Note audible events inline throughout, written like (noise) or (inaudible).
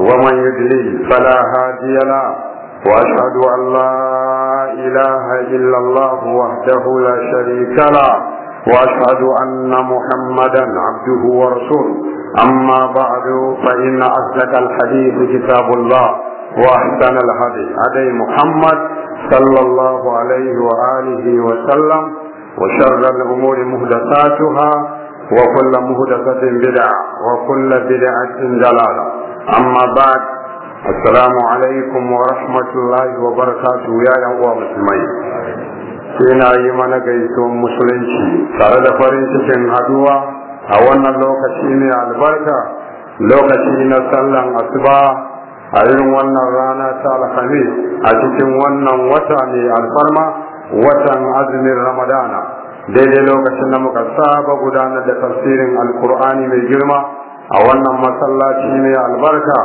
ومن يدلل فلا هادي له وأشهد أن لا إله إلا الله وحده لا شريك له وأشهد أن محمدا عبده ورسوله أما بعد فإن أصدق الحديث كتاب الله وأحسن الهدي هدي محمد صلى الله عليه وآله وسلم وشر الأمور مهدساتها وكل مهدسة بدعة وكل بدعة دلالة amma ba assalamu alaikum wa rahmatullahi wa barakatuhu ya uwa musulmai sai na yi mana gaisuwan musulunci tare da farin cikin haduwa a wannan lokaci ne albarka lokaci na sallan asuba a irin wannan rana ta alhamis a cikin wannan wata ne alfarma watan azumin ramadana daidai lokacin da muka saba gudanar da tafsirin alkur'ani mai girma a wannan masallaci ne albarka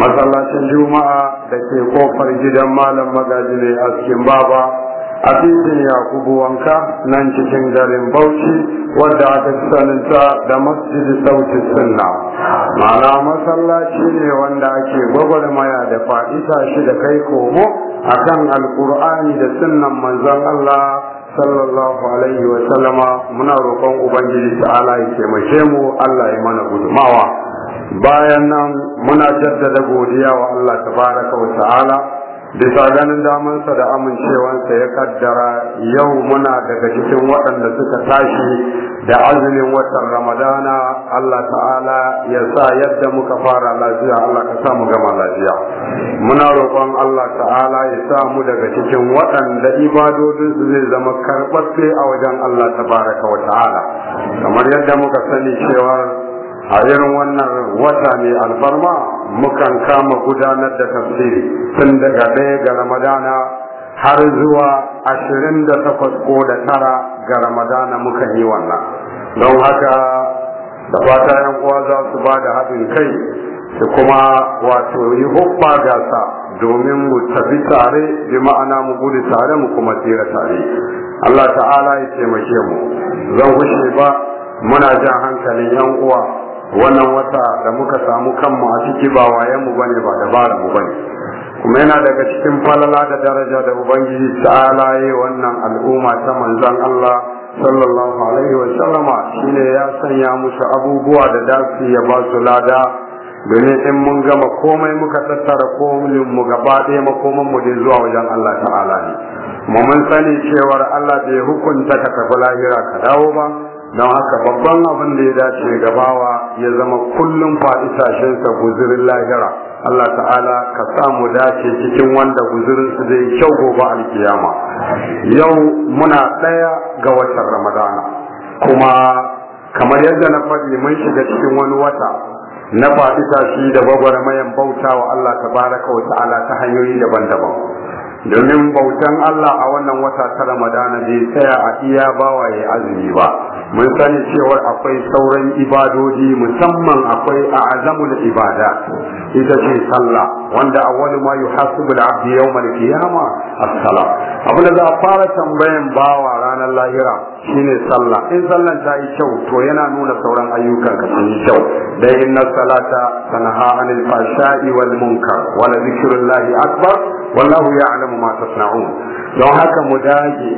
masallacin juma'a da ke kofar gidan malam magaji ne a cikin baba a titin yakubu wanka nan cikin garin bauchi wadda aka saninta da masjidi Sauti sunna ma'ana masallaci ne wanda ake gwagwarmaya da faɗi tashi da kai komo akan alkur'ani da sunnan manzon allah sallallahu alaihi wa sallama muna roƙon ubangiji Ala ya taimake mu Allah ya mana gudumawa bayan nan muna jaddada godiya wa Allah tabaraka wa ta'ala bisa ganin damansa da amincewansa ya kaddara yau muna daga cikin waɗanda suka tashi da azumin watan ramadana Allah ta'ala ya sa yadda muka fara lafiya Allah ka sa gama lafiya muna roƙon Allah ta'ala ya sa mu daga cikin waɗanda ibadodin su zai zama karɓaɓɓe a wajen Allah tabaraka wa ta'ala kamar yadda muka sani cewa a irin wannan wata ne alfarma mukan kama gudanar da tafsiri tun daga ɗaya ga ramadana har zuwa ashirin da takwas ko da tara ga ramadana mukan yi wannan don haka da fata yan uwa za su ba da haɗin kai su kuma wato yi hubba gasa domin mu tafi tare bi ma'ana mu gudu tare mu kuma tsira tare Allah ta'ala ya taimake mu zan wuce ba muna jan hankalin yan uwa wannan wata da muka samu kanmu a ciki ba wayen mu bane ba dabara mu bane kuma yana daga cikin falala da daraja da ubangiji ta'ala yi wannan al'umma ta manzon Allah sallallahu alaihi wa sallama shine ya sanya musu abubuwa da dasu ya ba su lada domin in mun gama komai muka tattara komai mu gaba ɗaya makoman mu dai zuwa wajen Allah ta'ala ne mu mun sani cewar Allah bai hukunta ka tafi lahira ka dawo ba don haka babban abin da ya dace gabawa ya zama kullum faɗi tashinsa guzurin lahira Allah ta'ala ka sa mu dace cikin wanda su zai kyau gobe alkiyama yau muna ɗaya ga watan ramadana kuma kamar yadda na faɗi mun shiga cikin wani wata na faɗi tashi da gwagwarmayan bauta wa Allah tabaraka wa ta'ala ta hanyoyi daban-daban domin bautan Allah a wannan wata ta Ramadana bai tsaya a iya bawa ya azumi ba mun sani cewa akwai sauran ibadodi musamman akwai a azamul ibada ita ce sallah wanda awwalu ma yuhasibu al-abdu yawm al-qiyamah as-salah abu da za a fara tambayan bawa ranar lahira shine sallah in sallan ta yi kyau to yana nuna sauran ayyukan ka sun yi kyau dai inna salata tanha anil fashai wal munkar wa la zikrullahi akbar wallahu ya'lamu ma tasna'un don haka mu dage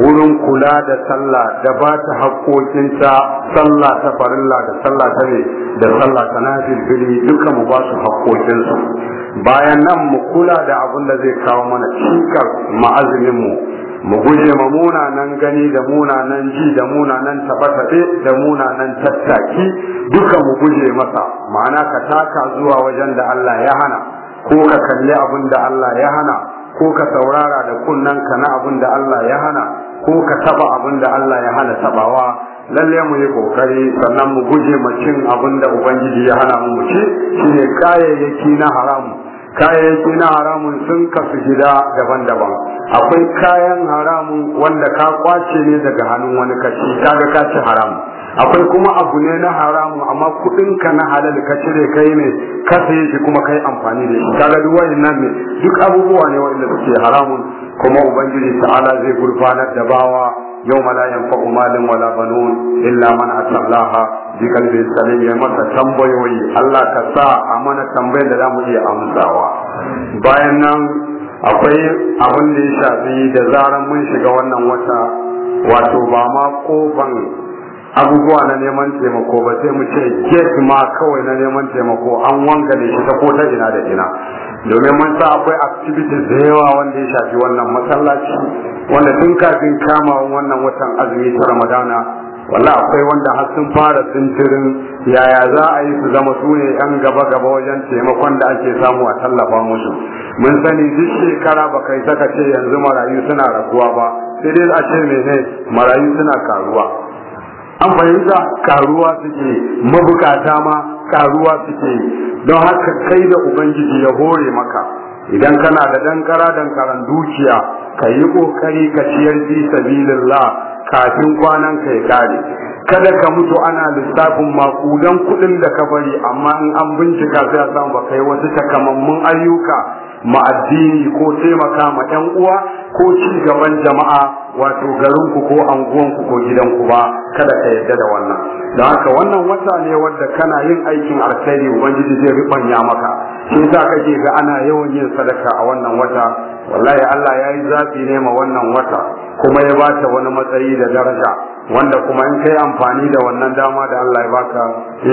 wurin kula da sallah da ba ta sallah ta farilla da sallah ta ne da sallah ta nafil fili duka mu ba su bayan nan mu kula da abin da zai kawo mana cikar ma'azininmu, mu mu guje ma munanan gani da munanan ji da munanan tabataɓe da munanan tattaki duka mu guje masa ma'ana ka taka zuwa wajen da Allah ya hana ko ka kalli abin da Allah ya hana ko ka saurara da kunnen ka na abin da Allah ya hana ko ka taba abin da Allah ya hana tabawa Lallai mu yi kokari sannan mu guje ma cin abin da ubangiji ya hana mu ci shine kayayyaki na haramu kayayyaki na haramun sun kasu gida daban-daban akwai kayan haramun wanda ka kwace ne daga hannun wani kashi kaga ka ci haramu akwai kuma abu ne na haramu amma kudin ka na halal ka cire kai ne ka saye shi kuma kai amfani da shi kaga duk wayannan ne duk abubuwa ne wanda suke haramun kuma ubangiji ta'ala zai gurfanar da bawa يوم لا ينفع مال ولا بنون الا من اتى الله بقلب سليم masa tambayoyi Allah ka sa a mana tambayar da zamu iya amsawa bayan nan akwai abin da ya shafi da zaran mun shiga wannan wata wato ba ma koban abubuwa na neman taimako ba sai mu ce get ma kawai na neman taimako an wanga ne shi ta ko ta ina da ina domin mun sa akwai activity da yawa wanda ya shafi wannan masallaci wanda tun kafin kamawan wannan watan azumi ta ramadana wallahi akwai wanda har sun fara sintirin yaya za a yi su zama sune ne yan gaba gaba wajen taimakon da ake samu a tallafa musu mun sani duk shekara ba kai saka ce yanzu marayu suna raguwa ba sai dai a ce mene marayu suna karuwa an fahimta karuwa suke mabukata ma karuwa suke don haka kai da ubangiji ya hore maka idan kana da dankara dankaran dukiya ka yi kokari ka ciyar fi sabilillah kafin kwanan ka ya kare kada ka mutu ana lissafin makudan kuɗin da ka bari amma in an bincika sai a san ba kai wasu takamammun ayyuka ma'addini ko taimaka ma 'yan uwa ko ci gaban jama'a wato garinku ko anguwanku ko gidanku ba kada ka yadda da wannan da haka wannan wata ne wadda kana yin aikin alkhairi ubangiji zai ribanya maka shi sa kake ga ana yawan yin sadaka a wannan wata wallahi Allah ya yi zafi ne ma wannan wata kuma ya bata wani matsayi da daraja wanda kuma in kai amfani da wannan dama da Allah ya baka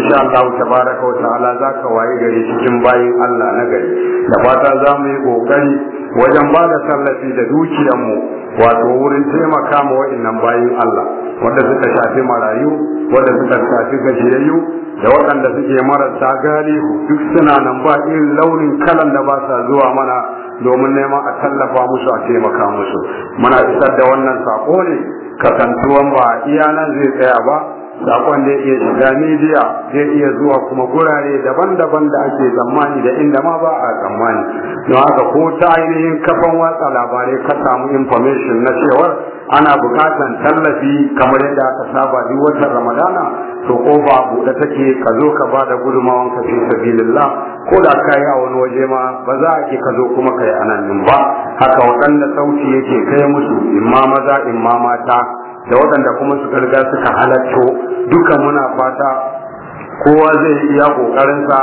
insha Allah baraka wa ta'ala ka waye gari cikin bayin Allah na gari da fata za mu yi kokari wajen ba da tallafi da dukiyanmu wato wurin taimaka ma wa'annan bayin Allah wanda suka shafi marayu wanda suka shafi gajiyayyu da waɗanda suke marasa galihu duk suna nan ba irin launin kalan da ba sa zuwa mana domin neman a tallafa musu a taimaka musu muna isar da wannan saƙo ne kasantuwan ba iya nan zai tsaya ba sakon da iya shiga media zai iya zuwa kuma gurare daban-daban da ake tsammani da inda ma ba a tsammani don haka ko ta ainihin kafan watsa labarai ka samu information na cewar ana bukatan tallafi kamar yadda aka saba duk watan ramadana to ko ba buɗe take ka zo ka ba da gudunmawan ka fi sabilillah ko da ka yi a wani waje ma ba za a ke ka zo kuma ka yi anan ba haka waɗanda sauci yake kai musu imma maza imma mata da waɗanda kuma su riga suka halatto duka muna fata kowa zai iya ƙoƙarinsa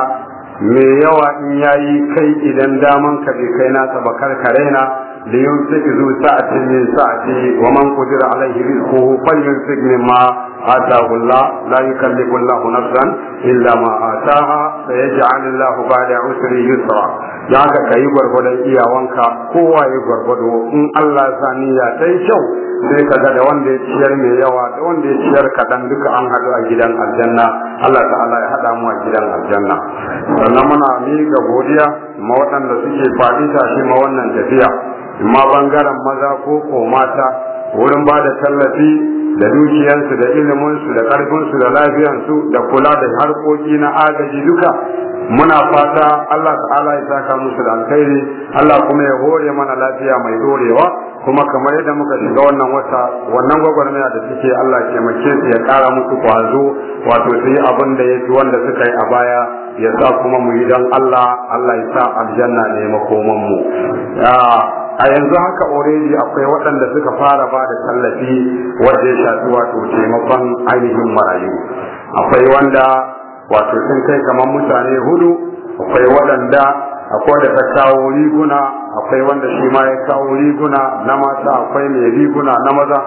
mai yawa in yayi kai idan daman ka bai kai nasa ba karkare na da yin suke zu sa'atin min sa'ati wa man qadira alaihi rizquhu falyunfiq mimma آتاه الله لا يكلف الله نفسا إلا ما آتاها سيجعل الله بعد عسر Yusra. da haka ka yi gwargwadon iyawanka kowa ya gwargwado in Allah ya niyya ta yi kyau sai ka ga da wanda ya ciyar mai yawa da wanda ya ciyar kaɗan duka an haɗu a gidan aljanna Allah ta'ala ya haɗa mu a gidan aljanna sannan muna miƙa godiya ma waɗanda suke faɗi tashi ma wannan tafiya ma bangaren maza ko ko mata wurin ba da tallafi da dukiyansu da iliminsu da ƙarfinsu da lafiyansu da kula da harkoki na agaji duka muna fata Allah ta'ala ya saka musu da alkhairi Allah kuma ya hore mana lafiya mai dorewa kuma kamar yadda muka shiga wannan wata wannan gwagwarmaya da suke Allah ke mace su ya kara musu kwazo wato su yi abin da ya fi wanda suka yi a baya ya sa kuma mu yi don Allah Allah ya sa aljanna ne makoman mu a yanzu haka already akwai waɗanda suka fara ba da tallafi wanda ya shafi wato taimakon ainihin marayu akwai wanda wato sun kai kamar mutane hudu akwai waɗanda akwai da kawo riguna akwai wanda shi ma ya kawo riguna na mata akwai mai riguna na maza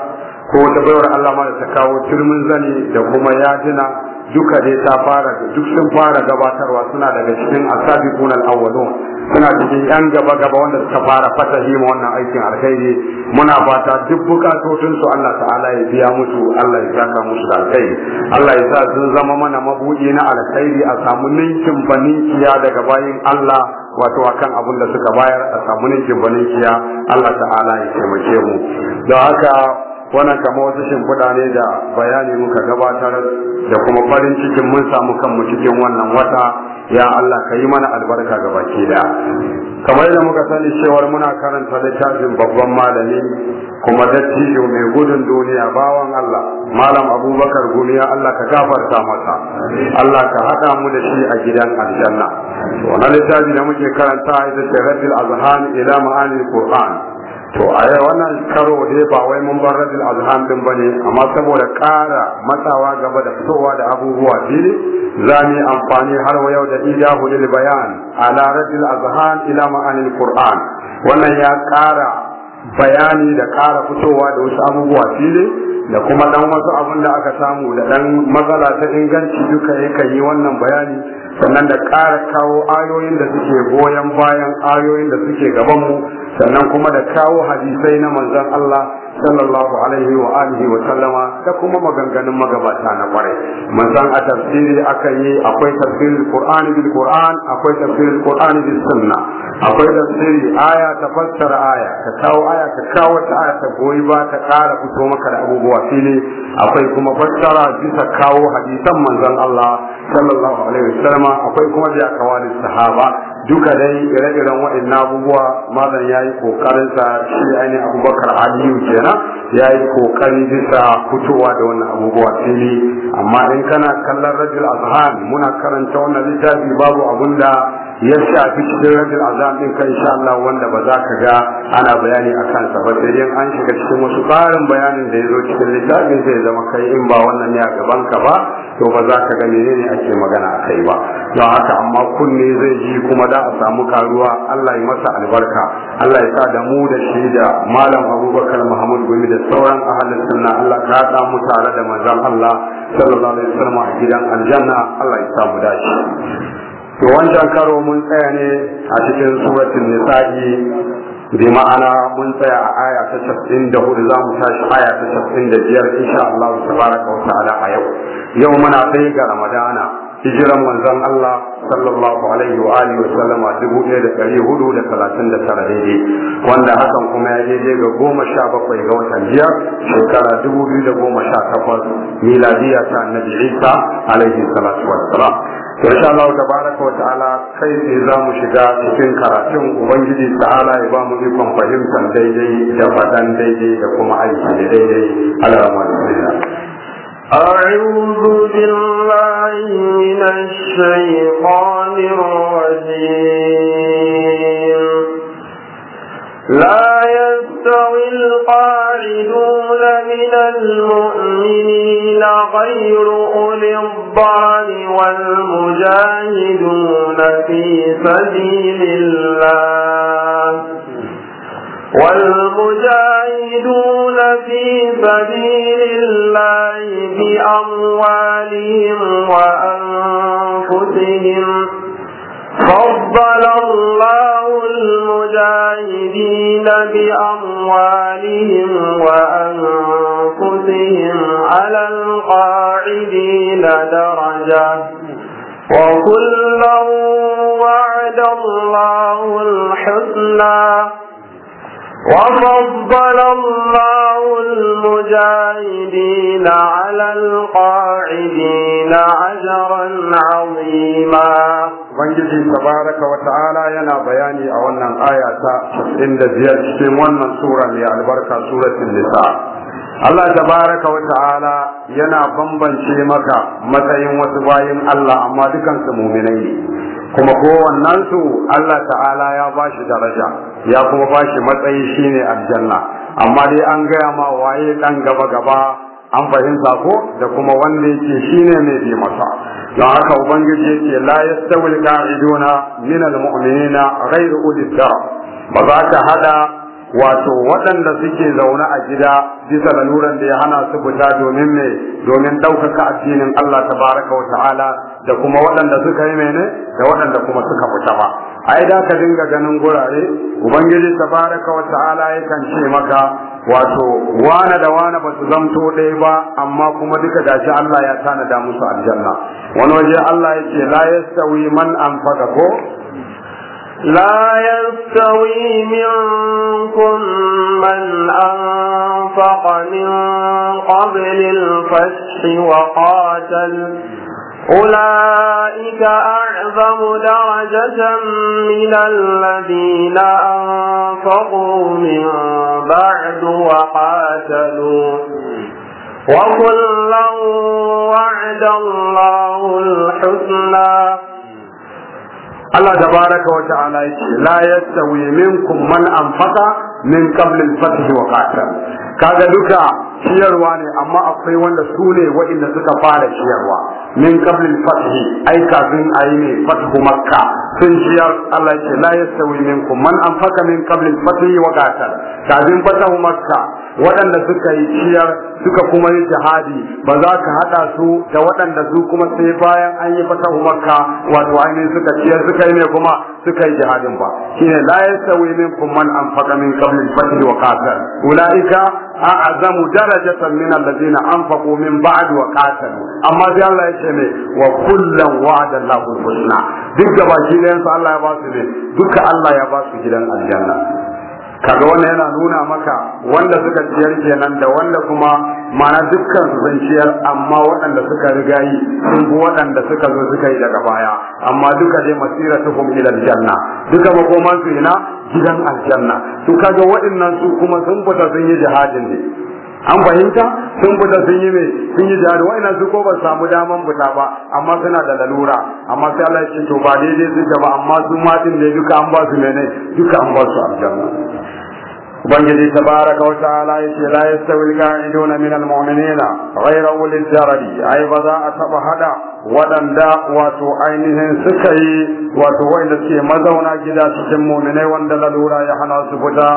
ko ta baiwar Allah ma da ta kawo turmin zani da kuma yajina duka dai ta fara duk sun fara gabatarwa suna daga cikin asabiqunal awwalun suna cikin yan gaba gaba wanda suka fara fatahi ma wannan aikin alkhairi muna fata duk bukatotun su Allah ta'ala ya biya musu Allah ya saka musu da alkhairi Allah ya sa sun zama mana mabudi na alkhairi a samu ninkin baninkiya daga bayin Allah wato akan abin da suka bayar a samu ninkin baninkiya Allah ta'ala ya taimake mu don haka wannan kama wasu shimfiɗa ne da bayani muka gabatar da kuma farin cikin mun samu kanmu cikin wannan wata ya Allah ka yi mana albarka ga baki da kamar da muka sani cewar muna karanta littafin babban malami kuma dattijo mai gudun duniya bawan Allah malam abubakar gumiya Allah ka gafarta masa Allah ka haɗa mu da shi a gidan aljanna wannan littafi da muke karanta ita ce rabbil azhan ila ma'anil qur'an to a yau wannan karo dai ba wai mun bar radil azhan din bane amma saboda ƙara matsawa gaba da fitowa da abubuwa fili za mu amfani har yau da ijahu lil bayan ala radil azhan ila ma'anin Kur'an. wannan ya ƙara bayani da ƙara fitowa da wasu abubuwa fili da kuma dan wasu abun da aka samu da dan matsala ta inganci duka yakan yi wannan bayani sannan da ƙara kawo ayoyin da suke goyon bayan ayoyin da suke gaban mu sannan kuma da kawo hadisai na manzon Allah sallallahu alaihi wa alihi wa sallama da kuma maganganun magabata na kwarai manzon a tafsiri akan yi akwai tafsirin qur'ani bil qur'an akwai tafsirin qur'ani bil sunna akwai tafsiri aya ta fassara aya ta kawo aya ta kawo ta aya ta goyi ba ta kara fito maka da abubuwa fili akwai kuma fassara bisa kawo hadisan manzon Allah sallallahu alaihi wasallam akwai kuma da kawalin sahaba duka dai ire-iren waɗannan abubuwa malam yayi kokarin sa shi ainihin Abubakar Aliyu kenan yayi kokari bisa fitowa da wannan abubuwa fili amma in kana kallon rajul azhan muna karanta wannan littafi babu abunda ya shafi cikin rajul azhan din kan insha Allah wanda ba za ka ga ana bayani a kansa ba sai dai an shiga cikin wasu ƙarin bayanin da ya zo cikin littafin zai zama kai in ba wannan ne a gaban ka ba to ba za ka ga ne ake magana a kai ba don haka amma kunne zai ji kuma da a samu karuwa Allah ya masa albarka Allah ya sa da mu da shi da malam Abubakar Muhammad Gumi da sauran ahalin sunna Allah ka haɗa mu tare da manzon Allah sallallahu alaihi wasallam a gidan aljanna Allah ya sa mu to wancan karo mun tsaya ne a cikin suratul nisa'i bi ma'ana mun tsaya a aya ta casa'in da hudu za mu tashi aya ta casa'in da biyar insha Allah fara wa ta'ala a yau yau muna tsaye ga ramadana hijiran manzon Allah sallallahu alaihi wa alihi wa sallama dubu ɗaya da ɗari hudu da talatin da tara daidai wanda hakan kuma ya daidai ga goma sha bakwai ga watan biyar shekara dubu biyu da goma sha takwas miladiya ta annabi Isa alaihi salatu wassalam to insha Allah tabaraka wa ta'ala kai ne za mu shiga cikin karatun ubangiji ta'ala ya ba mu ikon fahimtar daidai da fadan daidai da kuma aiki da daidai al'amari أعوذ بالله من الشيطان الرجيم لا يستوي القاعدون من المؤمنين غير أولي الضال والمجاهدون في سبيل الله والمجاهدون في سبيل الله بأموالهم وأنفسهم فضل الله والمجاهدين بأموالهم وأنفسهم على القاعدين درجة وكل وعد الله الحسنى وفضل الله المجاهدين على القاعدين أجرا عظيما Ubangiji tabaraka wa ta'ala yana bayani a wannan aya ta biyar cikin wannan sura mai albarka suratul nisa Allah tabaraka wa ta'ala yana bambance maka matsayin wasu bayin Allah amma dukansu mu'minai ne kuma kowannensu Allah ta'ala ya ba shi daraja ya kuma bashi matsayi shine aljanna amma dai an gaya ma waye dan gaba gaba an fahimta ko da kuma wanda yake shine mai bi masa don haka ubangiji yake la yastawil qa'iduna min almu'minina ghayru ulil ba za ka hada wato waɗanda suke zaune a gida bisa laluran da ya hana su fita domin me domin ɗaukaka addinin Allah tabaraka wa ta'ala da kuma waɗanda suka yi mene da waɗanda kuma suka fita ba ai da ka dinga ganin gurare ubangiji tabaraka wa ta'ala yakan ce maka wato wana da wana ba su zamto ɗaya ba amma kuma duka da gashi Allah ya tanada musu aljanna wani waje Allah ya ce la yastawi man anfaqa ko لا يستوي منكم من أنفق من قبل wa qatal أولئك أعظم درجة من الذين أنفقوا من بعد وقاتلوا وكلا وعد الله الحسنى الله تبارك وتعالى لا يستوي منكم من أنفق min qablil fathi wa qatal kaga duka ciyarwa ne amma akwai wanda su ne waɗanda suka fara ciyarwa min qablil fathi ai kafin ayi ne fathu makka sun ciyar Allah ce la yastawi minkum man faka min qablil fathi wa qatal kafin fathu makka waɗanda suka yi ciyar suka kuma yi jihadi ba za ka haɗa su da waɗanda su kuma sai bayan an yi fata makka wato ainihin suka ciyar suka yi ne kuma suka yi jihadin ba shine la yasawi minkum man anfaqa min qabli al-fath wa qatal ulaika a'zamu darajatan min alladhina anfaqu min ba'd wa qatalu amma sai Allah ya ce ne wa kullum wa'ada Allahu al-husna duk da ba shi ne Allah ya ba su ne duka Allah ya ba su gidan aljanna kaga wannan yana nuna maka wanda suka ciyar kenan da wanda kuma mana dukkan su sun ciyar amma waɗanda suka riga yi sun bi waɗanda suka zo suka yi daga baya amma duka dai masira su kuma ilal janna duka makoman su ina gidan aljanna to kaga waɗannan su kuma sun fita sun yi jihadin ne an fahimta sun fita sun yi mai sun yi jihar wa'ina su ko ba samu daman fita ba amma suna da lalura amma sai Allah ya ce to ba daidai sun ba amma su matin ne duka an ba su mene duka an ba su aljanna ubangiji tabaraka wa ta'ala yace la yastawil qa'iduna min almu'minina ghayra ulil darari ai za a taba haɗa waɗanda wato ainihin suka yi wato wanda suke mazauna gida cikin mu'minai wanda lalura ya hana su fita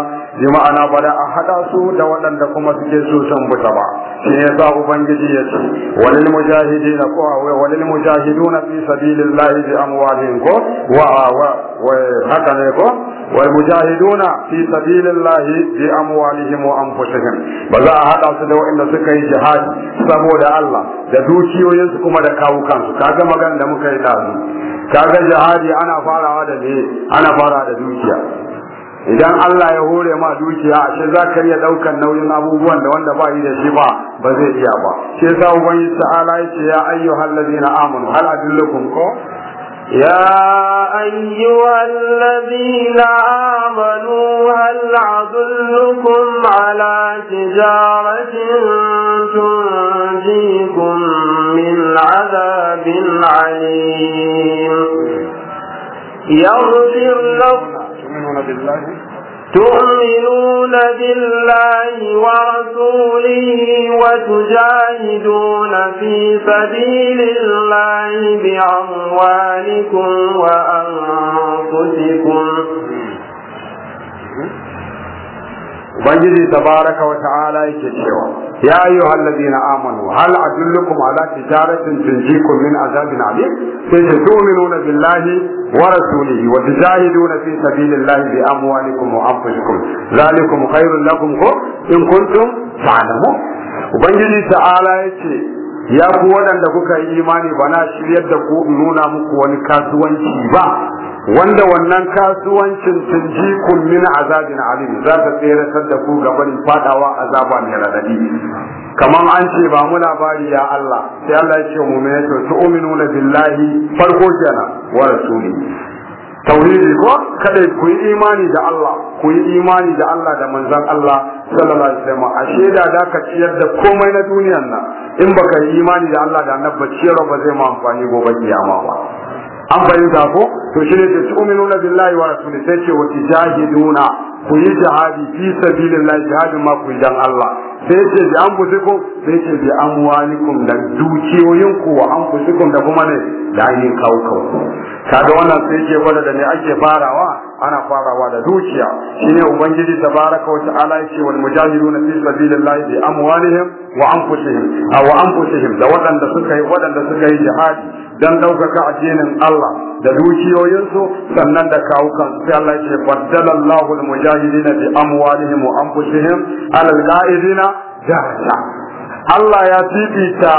bi ma'ana a haɗa su da waɗanda kuma suke so san fita ba shi ne sa ubangiji ya ce walil mujahidina ko walil mujahiduna fi sabilillahi bi amwalihim ko wa haka ne ko والمجاهدون في سبيل الله بأموالهم وأنفسهم بزا هذا سدوا إن سكي جهاد سبود الله دوكي وينسكم دكاو كانسو كاغا مغان دمكي دازو كاغا جهادي أنا فارا هذا أنا فارا da dukiya. idan Allah ya hore ma dukiya ashe za ka iya daukan nauyin abubuwan da wanda ba yi da shi ba ba zai iya ba shi yasa ubangiji ya yace ya ayyuhallazina amanu hal adullukum ko يا أيها الذين آمنوا هل عدلكم على تجارة تنجيكم من عذاب عليم يغفر لكم تؤمنون بالله ورسوله وتجاهدون في سبيل الله بأموالكم وأنفسكم ubangiji tabaraka wa ta'ala yake cewa ya ayyuhal ladina amanu hal adullukum ala tijaratin tunjikum min azabin alim sai ce tu'minuna billahi wa rasulihi wa tujahiduna fi sabilillahi bi amwalikum wa anfusikum zalikum khairul lakum in kuntum ta'lamun ubangiji ta'ala yake ya ku waɗanda kuka yi imani bana na shiryar da ku nuna muku wani kasuwanci ba wanda wannan kasuwancin tun tunjikun min azabin alim za ta tseratar da ku gaban fadawa azaba mai radadi kaman an ce ba mu labari ya Allah sai Allah ya ce mu mu'mina to tu'minuna billahi farko kenan wa rasuli tauhidi ko kada ku yi imani da Allah ku yi imani da Allah da manzon Allah sallallahu alaihi wasallam a sheda da ka ciyar da komai na duniyar nan in baka yi imani da Allah da annabi ba zai ma amfani gobe kiyama ba an fahimta ko to shi ne ta na billahi wa rasuli sai ce wa tijahiduna ku yi jihadi fi sabilillahi jihadin ma ku yi dan Allah sai ce bi an ku? sai ce bi amwalikum da dukiyoyinku wa an fusikum da kuma ne da ainihin kawo kawo kaga wannan sai ke gwada da ne ake farawa ana farawa da dukiya ne ubangiji ta tabaraka wa ta'ala yace wal mujahiduna fi sabilillahi bi amwalihim wa anfusihim wa anfusihim da waɗanda suka yi wadanda suka yi jihadi dan daukaka addinin Allah da dukiyoyinsu sannan da kawukan sai Allah yace baddalallahu al mujahidina bi amwalihim wa anfusihim ala al qa'idina Allah ya fifita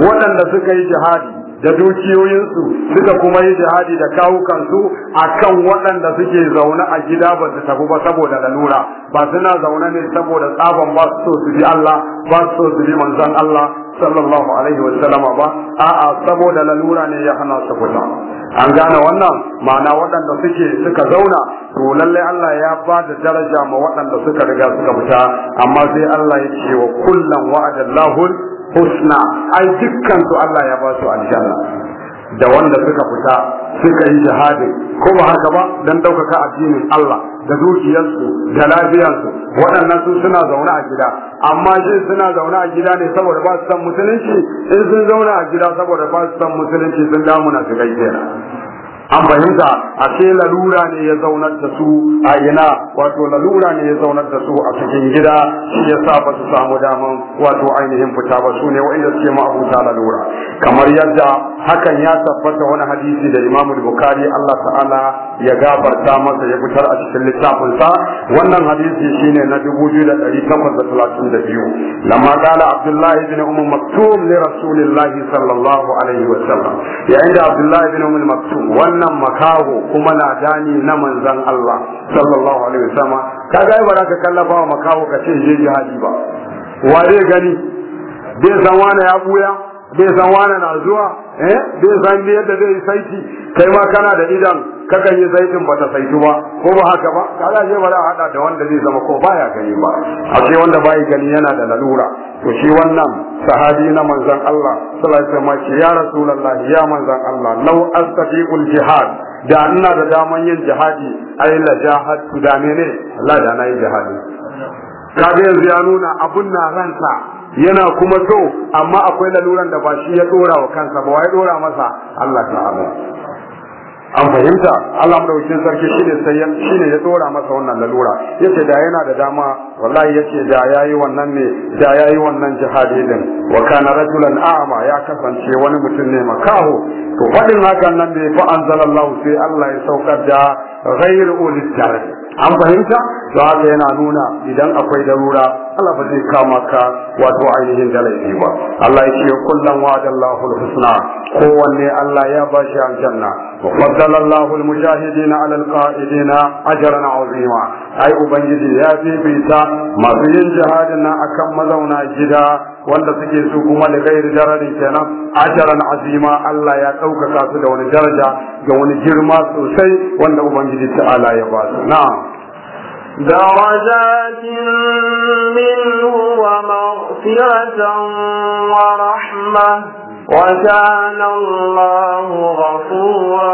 waɗanda suka yi jihadi da dukiyoyinsu suka kuma yi jihadi da kawukansu a kan waɗanda suke zaune a gida ba su tafi ba saboda lalura ba suna zaune ne saboda tsaban ba su so su bi Allah ba su so su bi manzon Allah sallallahu alaihi wa sallama ba a'a saboda lalura ne ya hana su fita an gane wannan ma'ana waɗanda suke suka zauna to lallai Allah ya ba da daraja ma waɗanda suka riga suka fita amma sai Allah ya ce wa kullum wa'adallahu husna ai dukkan su Allah ya ba su aljanna da wanda suka fita suka yi jihadi ko ba haka ba dan daukaka addinin Allah da dukiyarsu da lafiyarsu waɗannan su suna zaune a gida amma shi suna zaune a gida ne saboda ba su san musulunci in sun zauna a gida saboda ba su san musulunci sun damuna su kai an fahimta a ce lalura ne ya zaunar da su a ina wato lalura ne ya zaunar da su a cikin gida shi ya sa ba su samu daman wato ainihin fita ba su ne wa'inda suke ma'abuta lalura kamar yadda hakan ya tabbata wani hadisi da imamu bukari allah ta'ala ya gafarta masa ya fitar a cikin littafinsa wannan hadisi shine na 2832 lamma qala abdullah ibn umm maktum li rasulillah sallallahu alaihi wa sallam yayin da abdullah ibn umm maktum wannan makaho kuma na dani na manzon Allah sallallahu alaihi wa sallam kaga ba za ka kallafa makaho ka ce je jihadi ba wa zai gani bai san ya buya bai san wane na zuwa eh bai san yadda zai saiti kai ma kana da idan kakan yi saitin ba ta saitu ba ko ba haka ba kaga je ba za a hada da wanda zai zama ko baya gani ba a ce wanda bai gani yana da lalura to shi wannan sahabi na manzan Allah sallallahu alaihi wasallam ya rasulullahi ya manzon Allah law astaqiul jihad da ina da daman yin jihadi ai la jahad da ne Allah da nayi jihadi kaga yanzu ya nuna abun na ranka yana kuma so amma akwai laluran da ba shi ya dora wa kansa ba wai dora masa Allah ta'ala an fahimta Allah madaukakin sarki shine sai shine ya dora masa wannan lalura yace da yana da dama wallahi yace da yayi wannan ne da yayi wannan jihadi din wa kana rajulan a'ma ya kasance wani mutum ne makaho to fadin hakan nan ne fa anzalallahu sai Allah ya saukar da ghairu ulil an fahimta to haka yana nuna idan akwai darura Allah ba zai kama ka wato ainihin da laifi ba Allah ya ce kullum wa'adallahu al-husna kowanne Allah ya ba shi aljanna wa faddala Allahu al-mujahidina ala al-qa'idina ajran azima ai ubangiji ya fifita masu yin jihadin na akan mazauna gida wanda suke su kuma da gairi dararin kenan ajaran azima Allah ya ɗaukaka su da wani daraja da wani girma sosai wanda ubangiji ta'ala ya ba su na'am درجات منه ومغفرة ورحمة وكان الله غفورا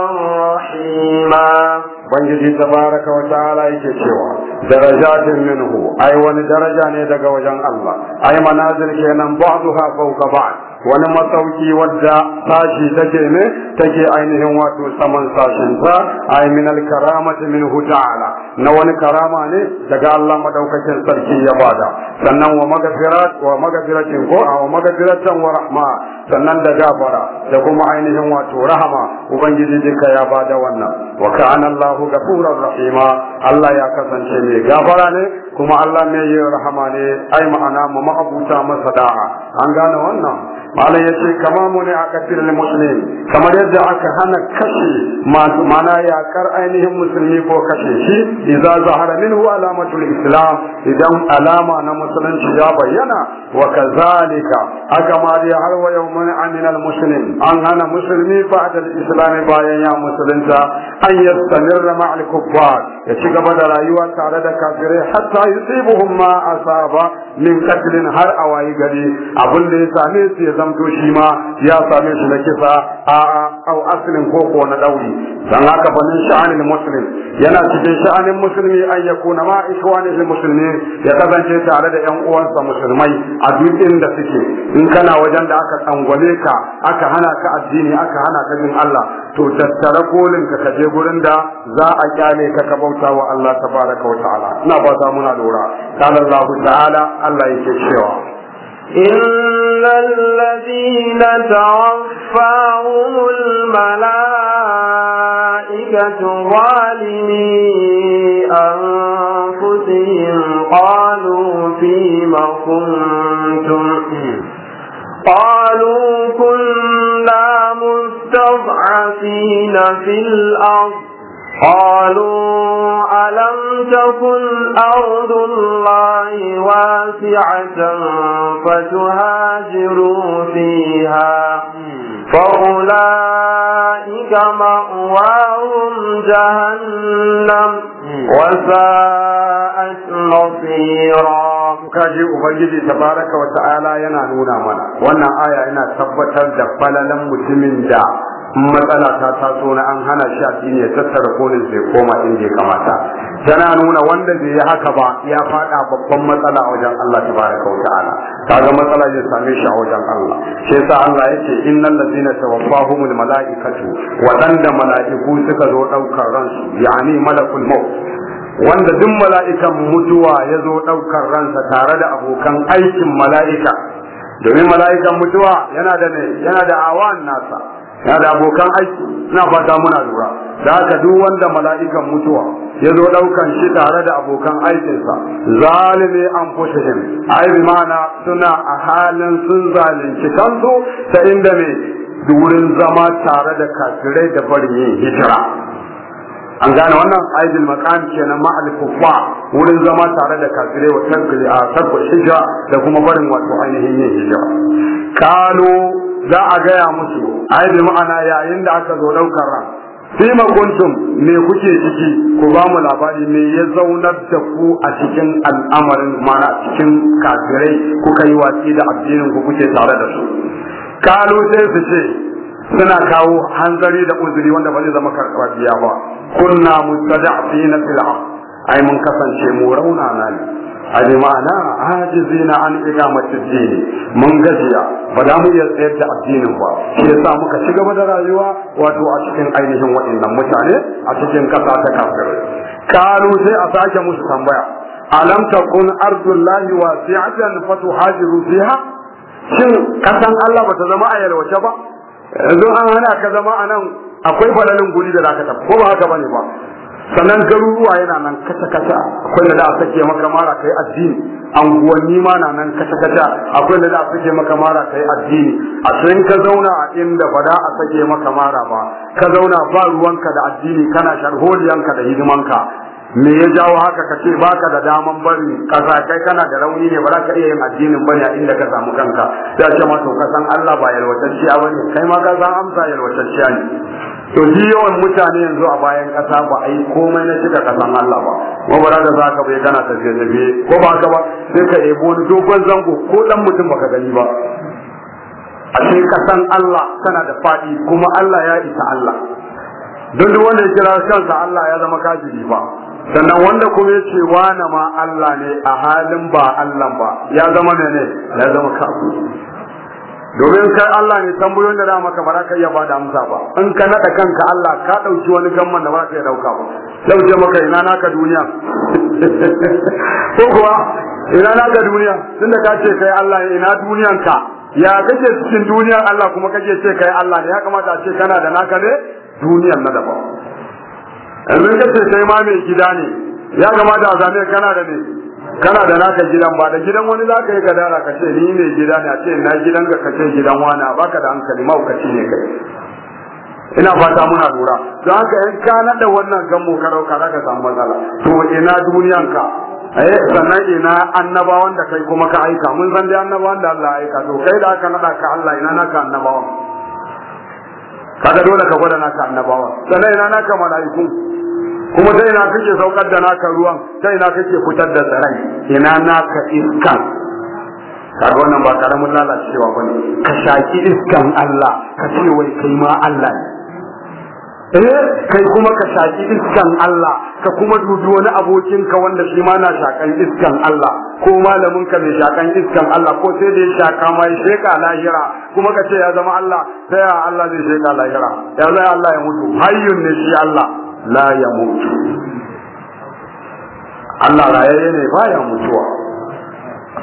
رحيما Ubangiji tabaraka wa ta'ala yake cewa darajatin minhu ai wani daraja ne daga wajen Allah ai manazir kenan ba'daha ka ba'a. wani masauki wadda sashi take ne take ainihin wato saman sashin ta ay min al karamati minhu ta'ala na wani karama ne daga Allah madaukakin sarki ya bada sannan wa magfirat wa magfiratin ko wa magfiratan wa rahma sannan da gafara da kuma ainihin wato rahama ubangiji dinka ya bada wannan wa kana Allahu ghafurur rahima Allah ya kasance mai gafara ne kuma Allah mai rahama ne ai ma'ana mu ma'abuta masa da'a an gane wannan malam ya ce kama mu ne a kasir muslim kamar yadda aka hana kashe masu mana yakar ainihin musulmi ko kashe shi idza zahara minhu alamatul islam idan alama na musulunci ya bayyana wa kazalika aka mari har wa yau mun aminal muslim an hana musulmi da islam bayan ya musulunta an yastamirra al kuffar ya ci gaba da rayuwa tare da kafirai hatta yusibuhum ma asaba min qatlin har awayi gari abin da ya same su ya zamto shi ma ya same shi na kisa a au aslin ko ko na dauri dan haka fannin sha'anin muslim yana cikin sha'anin musulmi an yakuna ma ikhwanihi muslimin ya kasance tare da yan uwansa musulmai a duk da suke in kana wajen da aka tsangwale ka aka hana ka addini aka hana ka jin Allah to tattara kolin ka kaje gurin da za a kyale ka ka bauta wa Allah tabaraka wa ta'ala ina ba za muna lura qala Allah ta'ala Allah yake cewa الذين توفاهم الملائكة ظالمي أنفسهم قالوا فيما كنتم قالوا كنا مستضعفين في الأرض قالوا ألم تكن أرض الله واسعة فتهاجروا فيها فأولئك مأواهم جهنم وساءت مصيرا kaji ubangiji tabaraka wa ta'ala yana nuna mana wannan aya yana tabbatar da falalan mutumin da matsala ta taso na an hana shi a ya tattara kolin sai koma inda ya kamata tana nuna wanda zai yi haka ba ya fada babban matsala a wajen Allah ta tabaraka wa ta'ala kaga matsala zai same shi a wajen Allah Sai sa Allah yake innal ladina tawaffahumul malaikatu wadanda malaiku suka zo daukar ransu yani malakul maut wanda duk mala'ikan mutuwa ya zo daukar ransa tare da abokan aikin mala'ika domin mala'ikan mutuwa yana da yana da awan nasa na da abokan aiki ina fata muna lura da haka duk wanda mala'ikan mutuwa ya zo daukan shi tare da abokan aikinsa zalimi an fushihim ai bi mana suna a halin sun zalunci kansu ta inda ne wurin zama tare da kafirai da bari yin hijira an gane wannan aibin makam kenan na al wurin zama tare da kafirai wa tarkul a tarkul da kuma barin wato ainihin yin hijira kano za a gaya musu ai bi ma'ana yayin da aka zo daukar ran ma kuntum me kuke ciki ku ba mu labari me ya zaunar da ku a cikin al'amarin mana cikin kafirai kuka yi watsi da addinin ku kuke tare da su kalu sai su ce suna kawo hanzari da uzuri wanda ba zai zama karfafiya ba kunna mustada'fina fil ai mun kasance mu rauna ne abi ma'ana ajizina an iqamati dini mun gajiya ba za mu iya tsayar da addinin ba shi yasa muka ci gaba da rayuwa wato a cikin ainihin waɗannan mutane a cikin ƙasa ta kafirai kalu sai a sake musu tambaya alam takun ardullahi wasi'atan fatuhajiru fiha shin kasan Allah bata zama a yalwace ba yanzu an hana ka zama a nan akwai falalin guri da zaka ko ba haka bane ba sannan garuruwa yana nan kata-kata akwai da za a sake maka mara kai addini anguwanni ma na nan kata-kata akwai da za a sake maka mara kai addini a sun ka zauna a inda ba za a sake maka mara ba ka zauna ba ruwanka da addini kana sharholiyanka da hidimanka me ya jawo haka ka ce baka da daman bari kasa kai kana da rauni ne ba za ka iya yin addinin bane a inda ka samu kanka ya ce ma to ka san Allah ba yalwatacciya bane kai ma ka san amsa yalwatacciya ne to shi yawan mutane yanzu a bayan kasa ba a yi komai na cika kasan Allah ba mabara da ka bai kana tafiye tafiye ko ba ka ba sai ka ɗebo wani dogon zango ko dan mutum baka gani ba A ashe kasan Allah tana da faɗi kuma Allah ya isa Allah don duk wanda ya kira kansa Allah ya zama kafiri ba sannan wanda kuma ya ce wani ma Allah ne a halin ba Allah ba ya zama ne ya zama kafiri domin kai Allah ne buyon da za maka ba za ka iya bada amsa ba in ka nada kanka Allah ka dauki wani gamman da ba za ka iya dauka ba dauke maka ina naka duniya (laughs) ko kuwa ina naka duniya tunda ka ce kai Allah ina duniyan ka? ya kake cikin duniyar Allah kuma kake ce kai Allah ne ya kamata a ce kana da naka ne duniyar na daban in ka ce kai ma mai gida ne ya kamata a zame kana da ne kana da naka gidan ba da gidan wani za ka yi gadara ka ce ni ne gida ne a ce na gidan ga ka ce gidan wani ka da hankali maukaci ne kai ina fata muna lura don haka in ka naɗa wannan gammo ka ɗauka za ka samu matsala to ina duniyanka eh sannan ina annabawan da kai kuma ka aika mun san dai annabawan da Allah ya aika to kai da aka naɗa ka Allah ina naka annabawan kaga dole ka gwada naka annabawan sannan ina naka mala'iku kuma ta na kake saukar da naka ruwan ta na kake fitar da tsaran ina naka iskan Ka ga wannan ba karamin lalacewa bane ka shaki iskan Allah ka ce wai kai ma Allah ne eh kai kuma ka shaki iskan Allah ka kuma dubi wani abokin ka wanda shi ma na shakan iskan Allah ko malamin ka ne shakan iskan Allah ko sai da ya shaka ma sheka lahira kuma ka ce ya zama Allah sai Allah zai sheka lahira ya zai Allah ya mutu hayyun ne shi Allah la ya mutu Allah rayayye ne baya mutuwa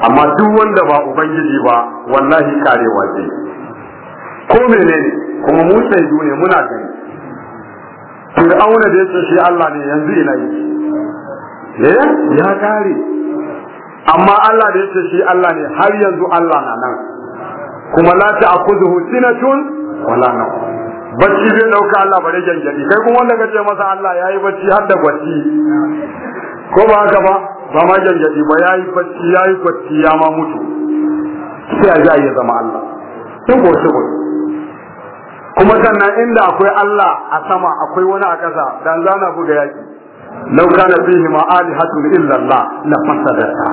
amma duk wanda ba ubangiji ba wallahi karewa ce ko menene kuma mu shaidu ne muna gani fir'auna da yake shi Allah ne yanzu ina yi eh ya kare amma Allah da yake shi Allah ne har yanzu Allah na nan kuma la ta'khudhuhu sinatun wala nawm bacci zai dauka Allah bare jangadi kai kuma wanda kace masa Allah yayi bacci har da bacci ko ba haka ba ba ma jangadi ba yayi bacci yayi bacci ya ma mutu sai a ya zama Allah ko tubo kuma sannan inda akwai Allah a sama akwai wani a ƙasa dan zana buga yaki law kana fihi ma alihatu illa Allah la fasadata